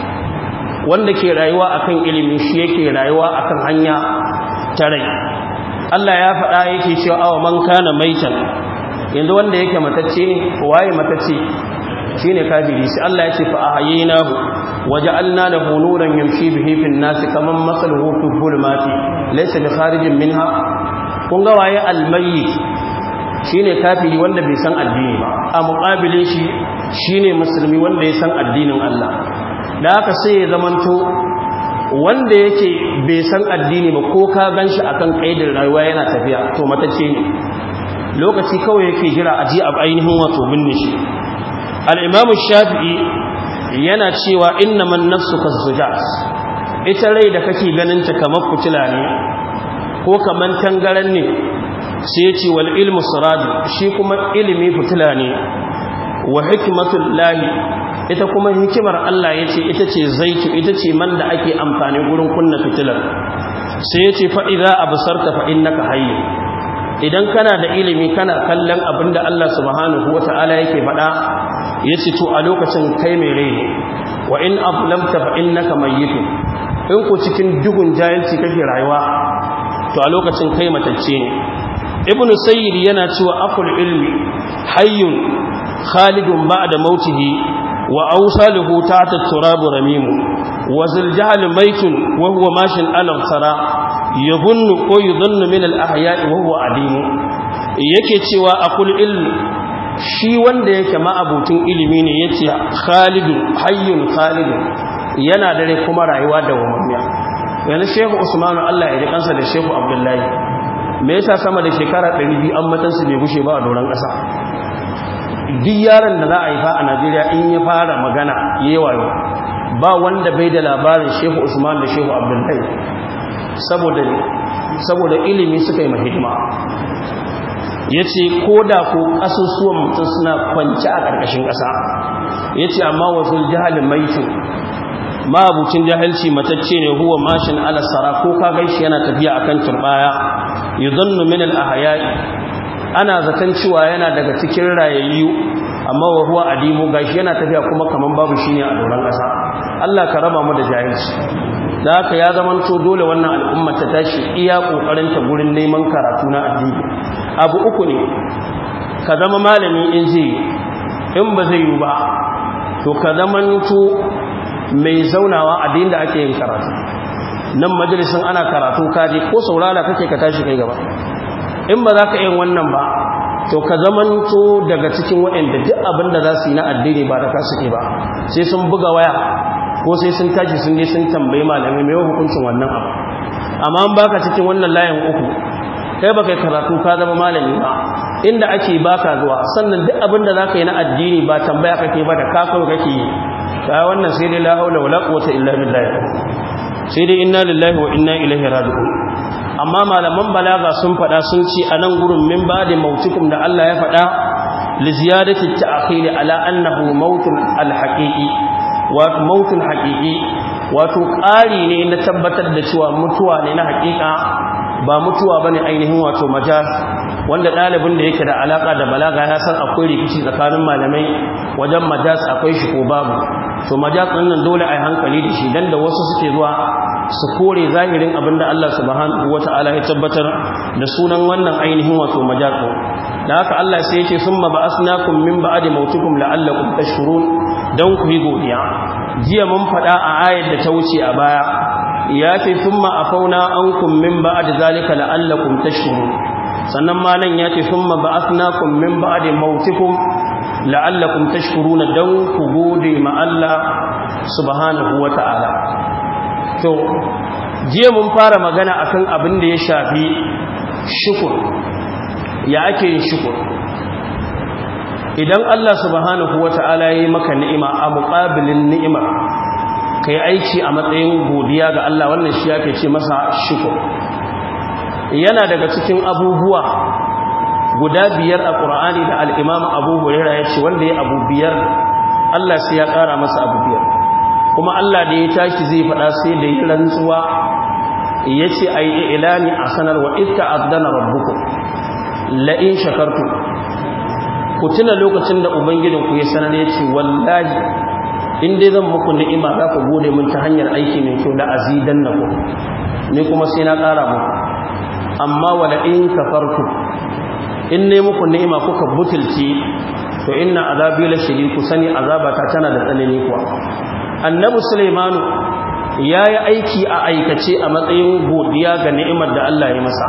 wanda ke rayuwa akan ilimi shi yake rayuwa akan hanya ta rai Allah ya faɗa yake cewa awa man kana maitan yanzu wanda yake matacce ne waye matacce shine kafiri sai Allah ya ce fa waje waja'alna da nuran yamshi bihi fil nas kaman masaluhu fi dhulumati laysa bi kharijin minha kun ga waye almayyit shine kafiri wanda bai san addini ba a muqabilin shi ne musulmi wanda ya san addinin Allah da haka sai ya zamanto wanda yake bai san addini ba ko ka ganshi akan kaidar rayuwa yana tafiya to matacce ne lokaci kawai yake jira a ji a ainihin wato binne shi al shafi'i yana cewa innaman nafsu kazzujaz ita rai da kake ganin ta kamar fitila ne ko kamar tangaran ne sai ce wal ilmu suradu, shi kuma ilimi fitila ne wa hikmatul lahi ita kuma hikimar Allah yace ita ce zaitu ita ce man da ake amfani gurin kunna fitilar sai yace fa idza absarta fa'in naka hayy idan kana da ilimi kana kallon abinda Allah subhanahu Ta'ala yake faɗa yace to a lokacin kai mai rai wa in aflamta fa innaka mayyit in ku cikin dugun jahilci kake rayuwa to a lokacin kai matacce ne ibn sayyid yana cewa aful ilmi hayyun khalidun ba'da mautihi wa awsaluhu ta'ta turabu ramimu wazil jahal maitun wa huwa mashin alam sara yadhunnu ko yadhunnu min al ahya'i wa huwa alim yake cewa aqul ilm shi wanda yake ma'abutin ilimi ne yace "Khalidu, hayyun khalidun yana dare kuma rayuwa da wamamiya yana shehu Usman Allah ya ji kansa da shehu abdullahi me yasa sama da shekara 200 an matansu bai gushe ba a doron ƙasa duk yaron da za a yi fa a najeriya in ya fara magana yayi wayo ba wanda bai da labarin shehu usman da shehu abdullahi saboda ilimi suka yi mahimma ya ce ko da ko asusuwan mutum suna kwanci a ƙarƙashin ƙasa ya ce amma wasu jihalin maitu ma'abucin jahilci matacce ne huwa mashin alasara ko ka gaishi yana tafiya a akan turbaya yi zannu min al'ahayayi ana zaton cewa yana daga cikin rayayyu amma wa huwa adimu gashi yana tafiya kuma kamar babu shi ne a doron ƙasa Allah ka raba mu da jahilci da aka ya to dole wannan al'umma ta tashi iya kokarin ta gurin neman karatu na addini abu uku ne ka zama malami in zai in ba zai yi ba to ka to mai zaunawa addini da ake yin karatu nan majalisin ana karatu kaje ko saurara kake ka tashi kai gaba in ba za ka yi wannan ba to ka zamanto daga cikin waɗanda duk abinda da za su yi na addini ba da ka ke ba sai sun buga waya ko sai sun tashi sun je sun tambayi malami mai hukuncin wannan abu amma an baka cikin wannan layin uku kai baka karatu ka zama malami ba inda ake baka zuwa sannan duk abin da zaka yi na addini ba tambaya kake ba da kakawa kake yi ta wannan sai dai la haula wala quwwata illa billah sai dai inna lillahi wa inna ilaihi raji'un amma malaman balaga sun faɗa sun ce a nan gurin min ba da mautikum da Allah ya faɗa li ziyadati ta'khili ala annahu al alhaqiqi wato mautin haƙiƙi wato ƙari ne na tabbatar da cewa mutuwa ne na haƙiƙa ba mutuwa ba ne ainihin wato majas wanda ɗalibin da yake da alaƙa da balaga ya san akwai rikici tsakanin malamai wajen majas akwai shi ko babu to majas ɗin dole a yi hankali da shi don da wasu suke zuwa su kore zahirin abin da Allah subhanahu Ta'ala ya tabbatar da sunan wannan ainihin wato majas da haka Allah sai yake ba ba'asnakum min ba'di mautikum la'allakum tashkurun don ku yi godiya jiya mun faɗa a ayar da ta wuce a baya ya ce thumma afauna ankum min ba'd zalika la'allakum tashkurun sannan malan ya ce thumma ba'athnakum min ba'd mautikum la'allakum tashkuruna don ku gode ma Allah subhanahu wata'ala to jiya mun fara magana akan abin da ya shafi shukur ya ake yin shukur idan Allah subhanahu ta'ala ya yi maka ni'ima a muqabilin ni'imar kai aiki a matsayin godiya ga Allah wannan shi yake ce masa shukur yana daga cikin abubuwa guda biyar a Qur'ani da al-Imam Abu Hurairah ya ce wanda ya abu biyar Allah sai ya ƙara masa abu biyar kuma Allah da ya tashi zai faɗa sai da yi rantsuwa ya ce a yi ilani a sanar wa ita adana rabbukum la'in shakartu ku tuna lokacin da ubangijin ku ya sanar ya ce wallahi in dai zan muku ni'ima za ku gode min ta hanyar aiki mai kyau da azidan na ku ni kuma sai na ƙara muku amma wala in kafarku in ne muku ni'ima kuka butulci to inna azabi la shiri ku sani ta tana da tsanani kuwa annabi sulaimanu yayi aiki a aikace a matsayin godiya ga ni'imar da Allah ya masa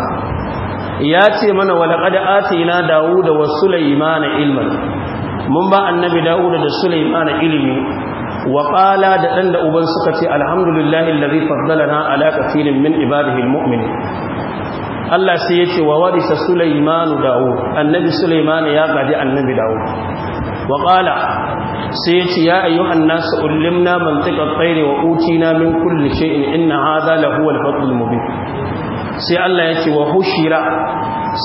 ya ce mana walaƙada atina dawuda wa sulaimana ilman mun ba annabi dawuda da sulaimana ilimi wa qala da ɗan da uban suka ce alhamdulillahi allazi na alaƙa filin min ibadihi almu'minin Allah sai ce wa warisa sulaimanu dawo annabi sulaiman ya gaji annabi dawo wa qala sai yace ya ayyuhan nas ullimna mantiqa at-tayr wa utina min kulle shay'in inna hadha lahuwal al mubin sai Allah yake wa hushira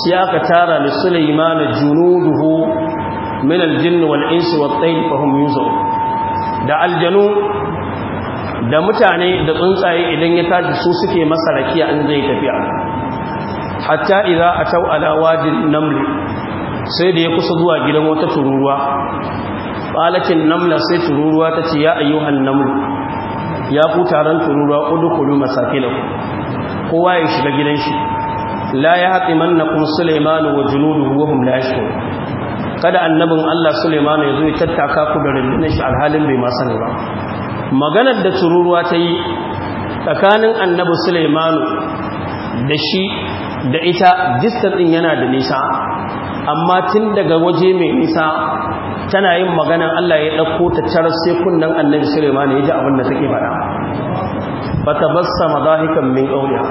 sai aka tara da Sulaiman junuduhu min al-jinn wal-insi wat-tayr fa hum da aljanu da mutane da tsuntsaye idan ya tashi su suke masa rakiya an zai tafiya hatta idza ataw ala wadin naml sai da ya kusa zuwa gidan wata tururuwa balakin namla sai tururuwa tace ya ayyuhan naml ya ku taron tururuwa udkhulu masakinakum kowa ya shiga gidan shi la ya haɗi mannakun suleimanu wa junudu ya la yashku kada annabin Allah suleimanu ya zo ya tattaka ku da rundunar shi alhalin bai masu ne ba maganar da tururuwa ta yi tsakanin annabi suleimanu da shi da ita distan ɗin yana da nisa amma tun daga waje mai nisa tana yin maganar Allah ya ɗauko ta tarar sai kunnan annabi suleimanu ya ji abin da take faɗa basa dahikan min qawliha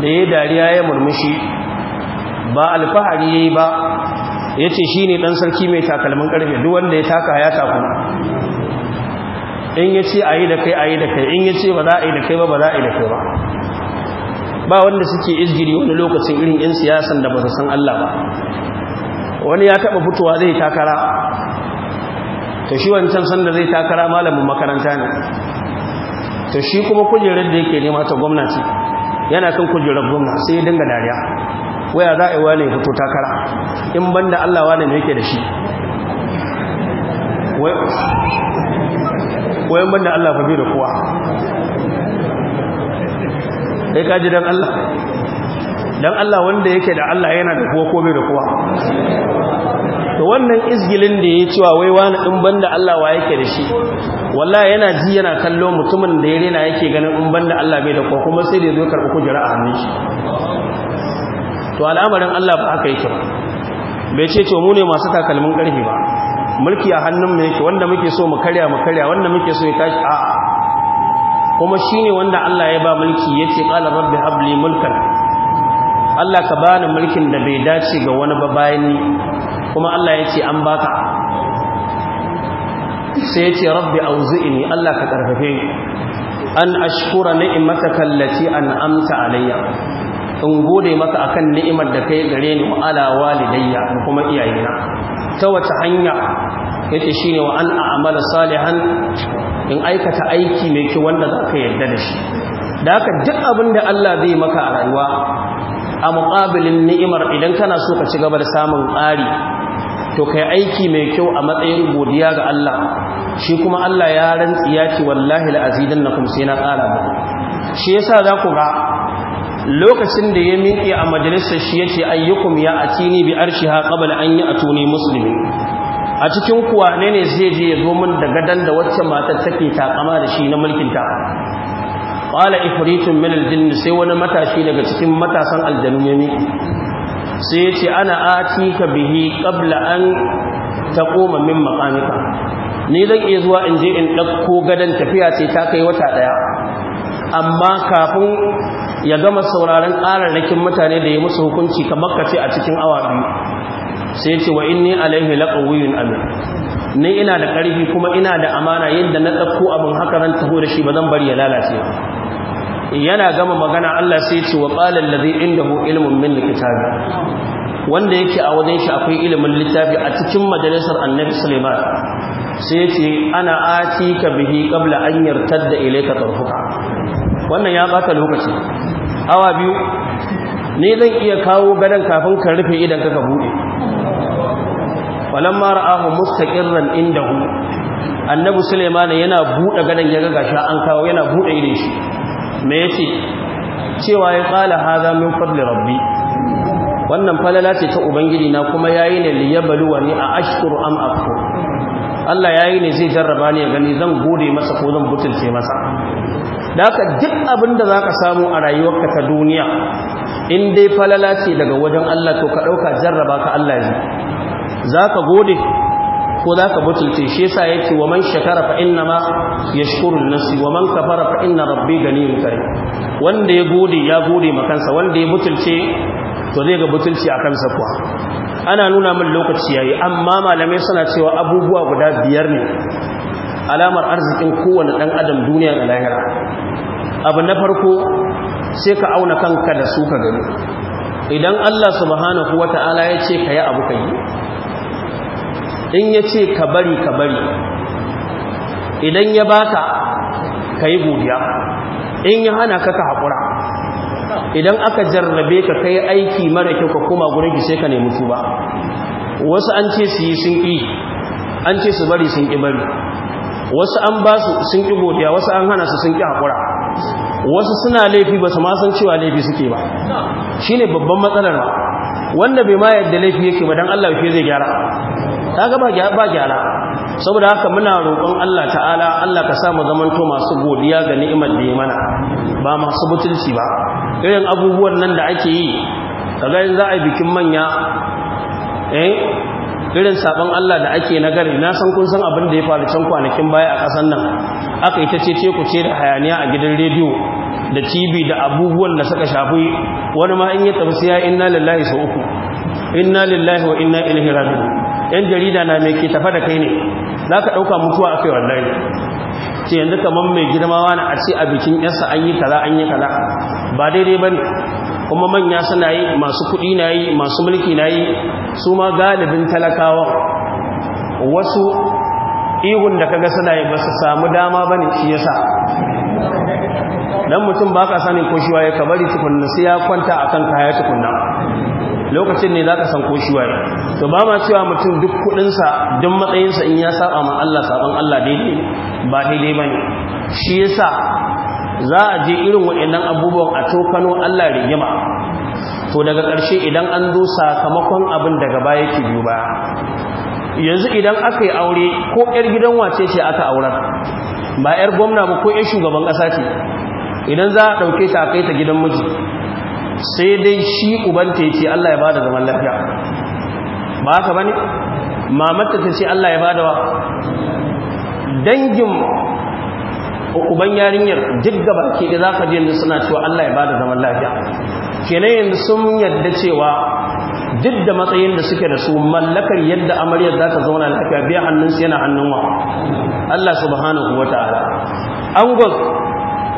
da ya dariya ya murmushi ba alfahari ya yi ba Ya ce shi ne ɗan sarki mai takalmin ƙarfe duk wanda ya taka ya taku in ya ce a yi da kai a yi da kai in ya ce ba za a yi da kai ba ba za a yi da kai ba ba wanda suke izgiri wani lokacin irin yan siyasan da ba san Allah ba wani ya taba fitowa zai takara Ta shi wancan sanda zai takara malamin makaranta ne to shi kuma kujerar da yake nema ta gwamnati yana kan kujerar gwamna sai ya dinga dariya waya za a yi wane fito takara in banda Allah wane ne yake da shi wayan banda Allah fa bai da kuwa sai kaji don Allah Don Allah wanda yake da Allah yana da kuwa ko da kuwa? wannan izgilin da ya cewa wai wani in banda Allah wa yake da shi wallahi yana ji yana kallo mutumin da ya rena yake ganin in banda Allah bai da ko kuma sai da zo karɓi kujira a hannun shi to al'amarin Allah ba haka yake ba bai ce to mu ne masu takalmin ƙarfi ba mulki a hannun mu yake wanda muke so mu karya mu karya wanda muke so ya tashi a kuma shine wanda Allah ya ba mulki yace qala rabbi habli mulkan Allah ka bani mulkin da bai dace ga wani ba bayan ni kuma Allah yace an baka sai ce rabbi auzi'ini Allah ka karfafe ni an ashkura ni'mataka allati amta alayya in gode maka akan ni'imar da kai gare ni wa ala walidayya kuma iyayena ta wata hanya yace shine wa an a'mala salihan in aikata aiki mai kyau wanda zaka yarda da shi da haka duk abin da Allah zai maka a rayuwa a muqabilin ni'imar idan kana so ka ci gaba da samun ƙari to kai aiki mai kyau a matsayin godiya ga Allah shi kuma Allah ya rantsi ya ce wallahi la'azidannakum sai na ƙara ba shi yasa za ku ga lokacin da ya miƙe a majalisar shi yace ayyukum ya atini bi arshiha qabla an ya'tuni muslimin a cikin kuwa ne ne zai je ya zo min da gadan da wacce matar take takama da shi na mulkin ta? qala ifritun min aljinn sai wani matashi daga cikin matasan aljanu ya sai yace ana atika bihi qabla an taquma min maqamika ni zan iya zuwa in je in ɗauko gadon tafiya sai ta kai wata ɗaya amma kafin ya gama sauraron ƙararrakin mutane da ya musu hukunci kamar ka ce a cikin awa biyu sai ce wa inni alaihi laqawiyun amin ni ina da ƙarfi kuma ina da amana yadda na ɗauko abin haka ran taho da shi ba zan bari ya lalace yana gama magana Allah sai ce wa qala inda indahu ilmun min kitabi wanda yake a wajen shi akwai ilimin littafi a cikin majalisar Annabi Sulaiman sai ce ana ati ka bihi kabla an da ka tarfuka wannan ya baka lokaci awa biyu ne zan iya kawo gadon kafin ka rufe idan ka bude walamma ra'ahu mustaqirran indahu annabi sulaiman yana bude gadon ya ga sha an kawo yana bude idan shi me yace cewa ya qala hadha min fadli rabbi wannan falala ce ta ubangiji na kuma yayi ne liyabluwani a ashkuru am akfur Allah ya yi ne zai jarraba ni ya gani zan gode masa ko zan butulce masa da haka duk abin da za ka samu a rayuwarka ta duniya in dai falala ce daga wajen Allah to ka ɗauka jarraba ka Allah ji za ka gode ko za ka butulce shi yasa ya ce wa man shakara fa inna ma ya shukurun nasi wa man kafara fa inna rabbi ganiyun kare wanda ya gode ya gode makansa wanda ya butulce to zai ga butulci a kansa kuwa ana nuna min lokaci yayi amma malamai suna cewa abubuwa guda biyar ne alamar arzikin kowane dan adam duniya da lahira abu na farko sai ka auna kanka da su ka gani idan Allah subhanahu wata'ala ya ce ka abu ka yi in ya ce ka bari ka bari idan ya baka ka godiya in ya hana ka ka haƙura idan aka jarrabe ka kai aiki mara kyau ka koma gurin ki sai ka nemi tuba wasu an ce su yi sun ƙi an ce su bari sun ƙi bari wasu an ba su sun ƙi godiya wasu an hana su sun ƙi haƙura wasu suna laifi ba su ma san cewa laifi suke ba shine babban matsalar wanda bai ma yadda laifi yake ba don allah ce zai gyara ta ba gyara saboda haka muna roƙon Allah ta'ala Allah ka samu zamanto masu godiya ga ni'imar da ya mana ba masu butulci ba irin abubuwan nan da ake yi kaga in za a bikin manya eh irin sabon Allah da ake na gari na san kun san abin da ya faru can kwanakin baya a ƙasar nan aka yi ta ce ku ce da hayaniya a gidan rediyo da TV da abubuwan da suka shafi wani ma in ya tafi inna lillahi sau inna lillahi wa inna ilaihi raji'un yan jarida na mai ke tafa da kai ne za ka ɗauka mutuwa a kai lari ce yanzu kamar mai girmawa na a ce a bikin yasa an yi kaza an yi kaza ba daidai ba ne kuma manya suna yi masu kuɗi na yi masu mulki na yi su ma galibin talakawa wasu ihun da kaga suna yi ba su samu dama ba ne shi yasa dan mutum ba ka sanin ko shiwa ya kabari tukunna sai ya kwanta akan kaya tukunna lokacin ne za ka san ko shi waye to ba ma cewa mutum duk kuɗinsa duk matsayinsa in ya saba ma Allah saban Allah daidai ba daidai ba ne shi yasa za a je irin waɗannan abubuwan a tokano Allah rigima to daga ƙarshe idan an zo sakamakon abin daga baya yake biyu baya. yanzu idan aka yi aure ko 'yar gidan wace ce aka aurar ba 'yar gwamna ba ko 'yar shugaban ƙasa ce idan za a ɗauke ta a kai ta gidan miji sai dai shi ubanta ya ce Allah ya bada zaman lafiya ba haka bane mamarta ta ce Allah ya bada wa dangin uban yarinyar duk gaba ke da zaka je yanzu suna cewa Allah ya bada zaman lafiya kenan yanzu sun yadda cewa duk da matsayin da suke da su mallakar yadda amaryar za ta zauna lafiya biya hannunsu yana hannun wa Allah subhanahu wa ta'ala an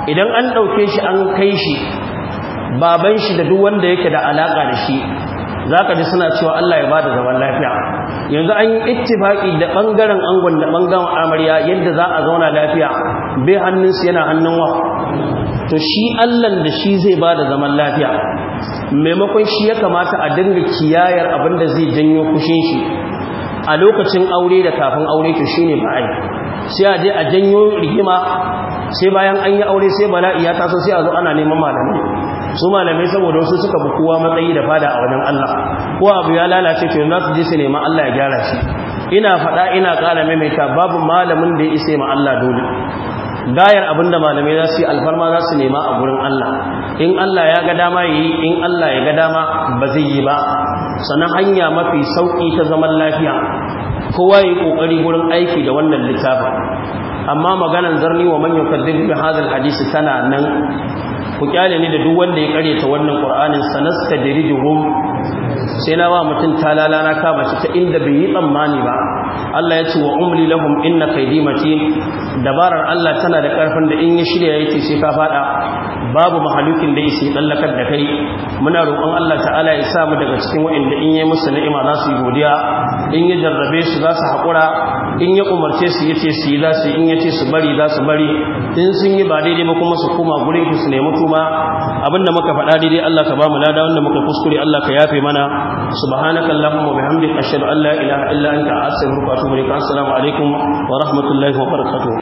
idan an ɗauke shi an kai shi baban shi da duk wanda yake da alaka da shi zaka ji suna cewa Allah ya bada zaman lafiya yanzu an yi ittifaki da bangaren angon da bangaren amarya yadda za a zauna lafiya bai hannunsu yana hannun wa to shi allan da shi zai bada zaman lafiya maimakon shi ya kamata a dinga kiyayar abinda zai janyo kushin shi a lokacin aure da kafin aure to shine ne ai sai a je a janyo rigima sai bayan an yi aure sai bala'i ya taso sai a zo ana neman malamai su malamai saboda wasu suka bi kowa matsayi da fada a wajen Allah ko abu ya lalace to na su ji su nemi Allah ya gyara shi ina faɗa ina ƙara maimaita babu malamin da ya isa ma Allah dole gayar abinda malamai za su yi alfarma za su nema a gurin Allah in Allah ya ga dama yi in Allah ya ga dama ba zai yi ba sanan hanya mafi sauki ta zaman lafiya kowa yi ƙoƙari gurin aiki da wannan littafin amma maganar zarni wa manyan yukaddibu bi hadisi tana nan ku kyale ni da duk wanda ya ta wannan qur'anin sanasta dirijuhum sai na ba mutum talala na kama shi ta inda bai yi tsammani ba Allah ya ce wa umli lahum inna kaidi matin dabarar Allah tana da karfin da in ya shirya yake sai ka fada babu mahalukin da yake tsallakar da kai muna roƙon Allah ta'ala ya sa mu daga cikin wa'anda in yayi musu ni'ima za su yi godiya in ya jarrabe su za su haƙura in ya umarce su yace su yi za su in yace su bari za su bari in sun yi ba daidai ba kuma su koma gurin ki su nemi Abin abinda muka faɗa daidai Allah ka ba mu lada wanda muka kuskure Allah ka yafe mana subhanaka allahumma wa bihamdika ashhadu an la ilaha illa anta astaghfiruka wa atubu ilaik assalamu alaikum wa rahmatullahi wa barakatuh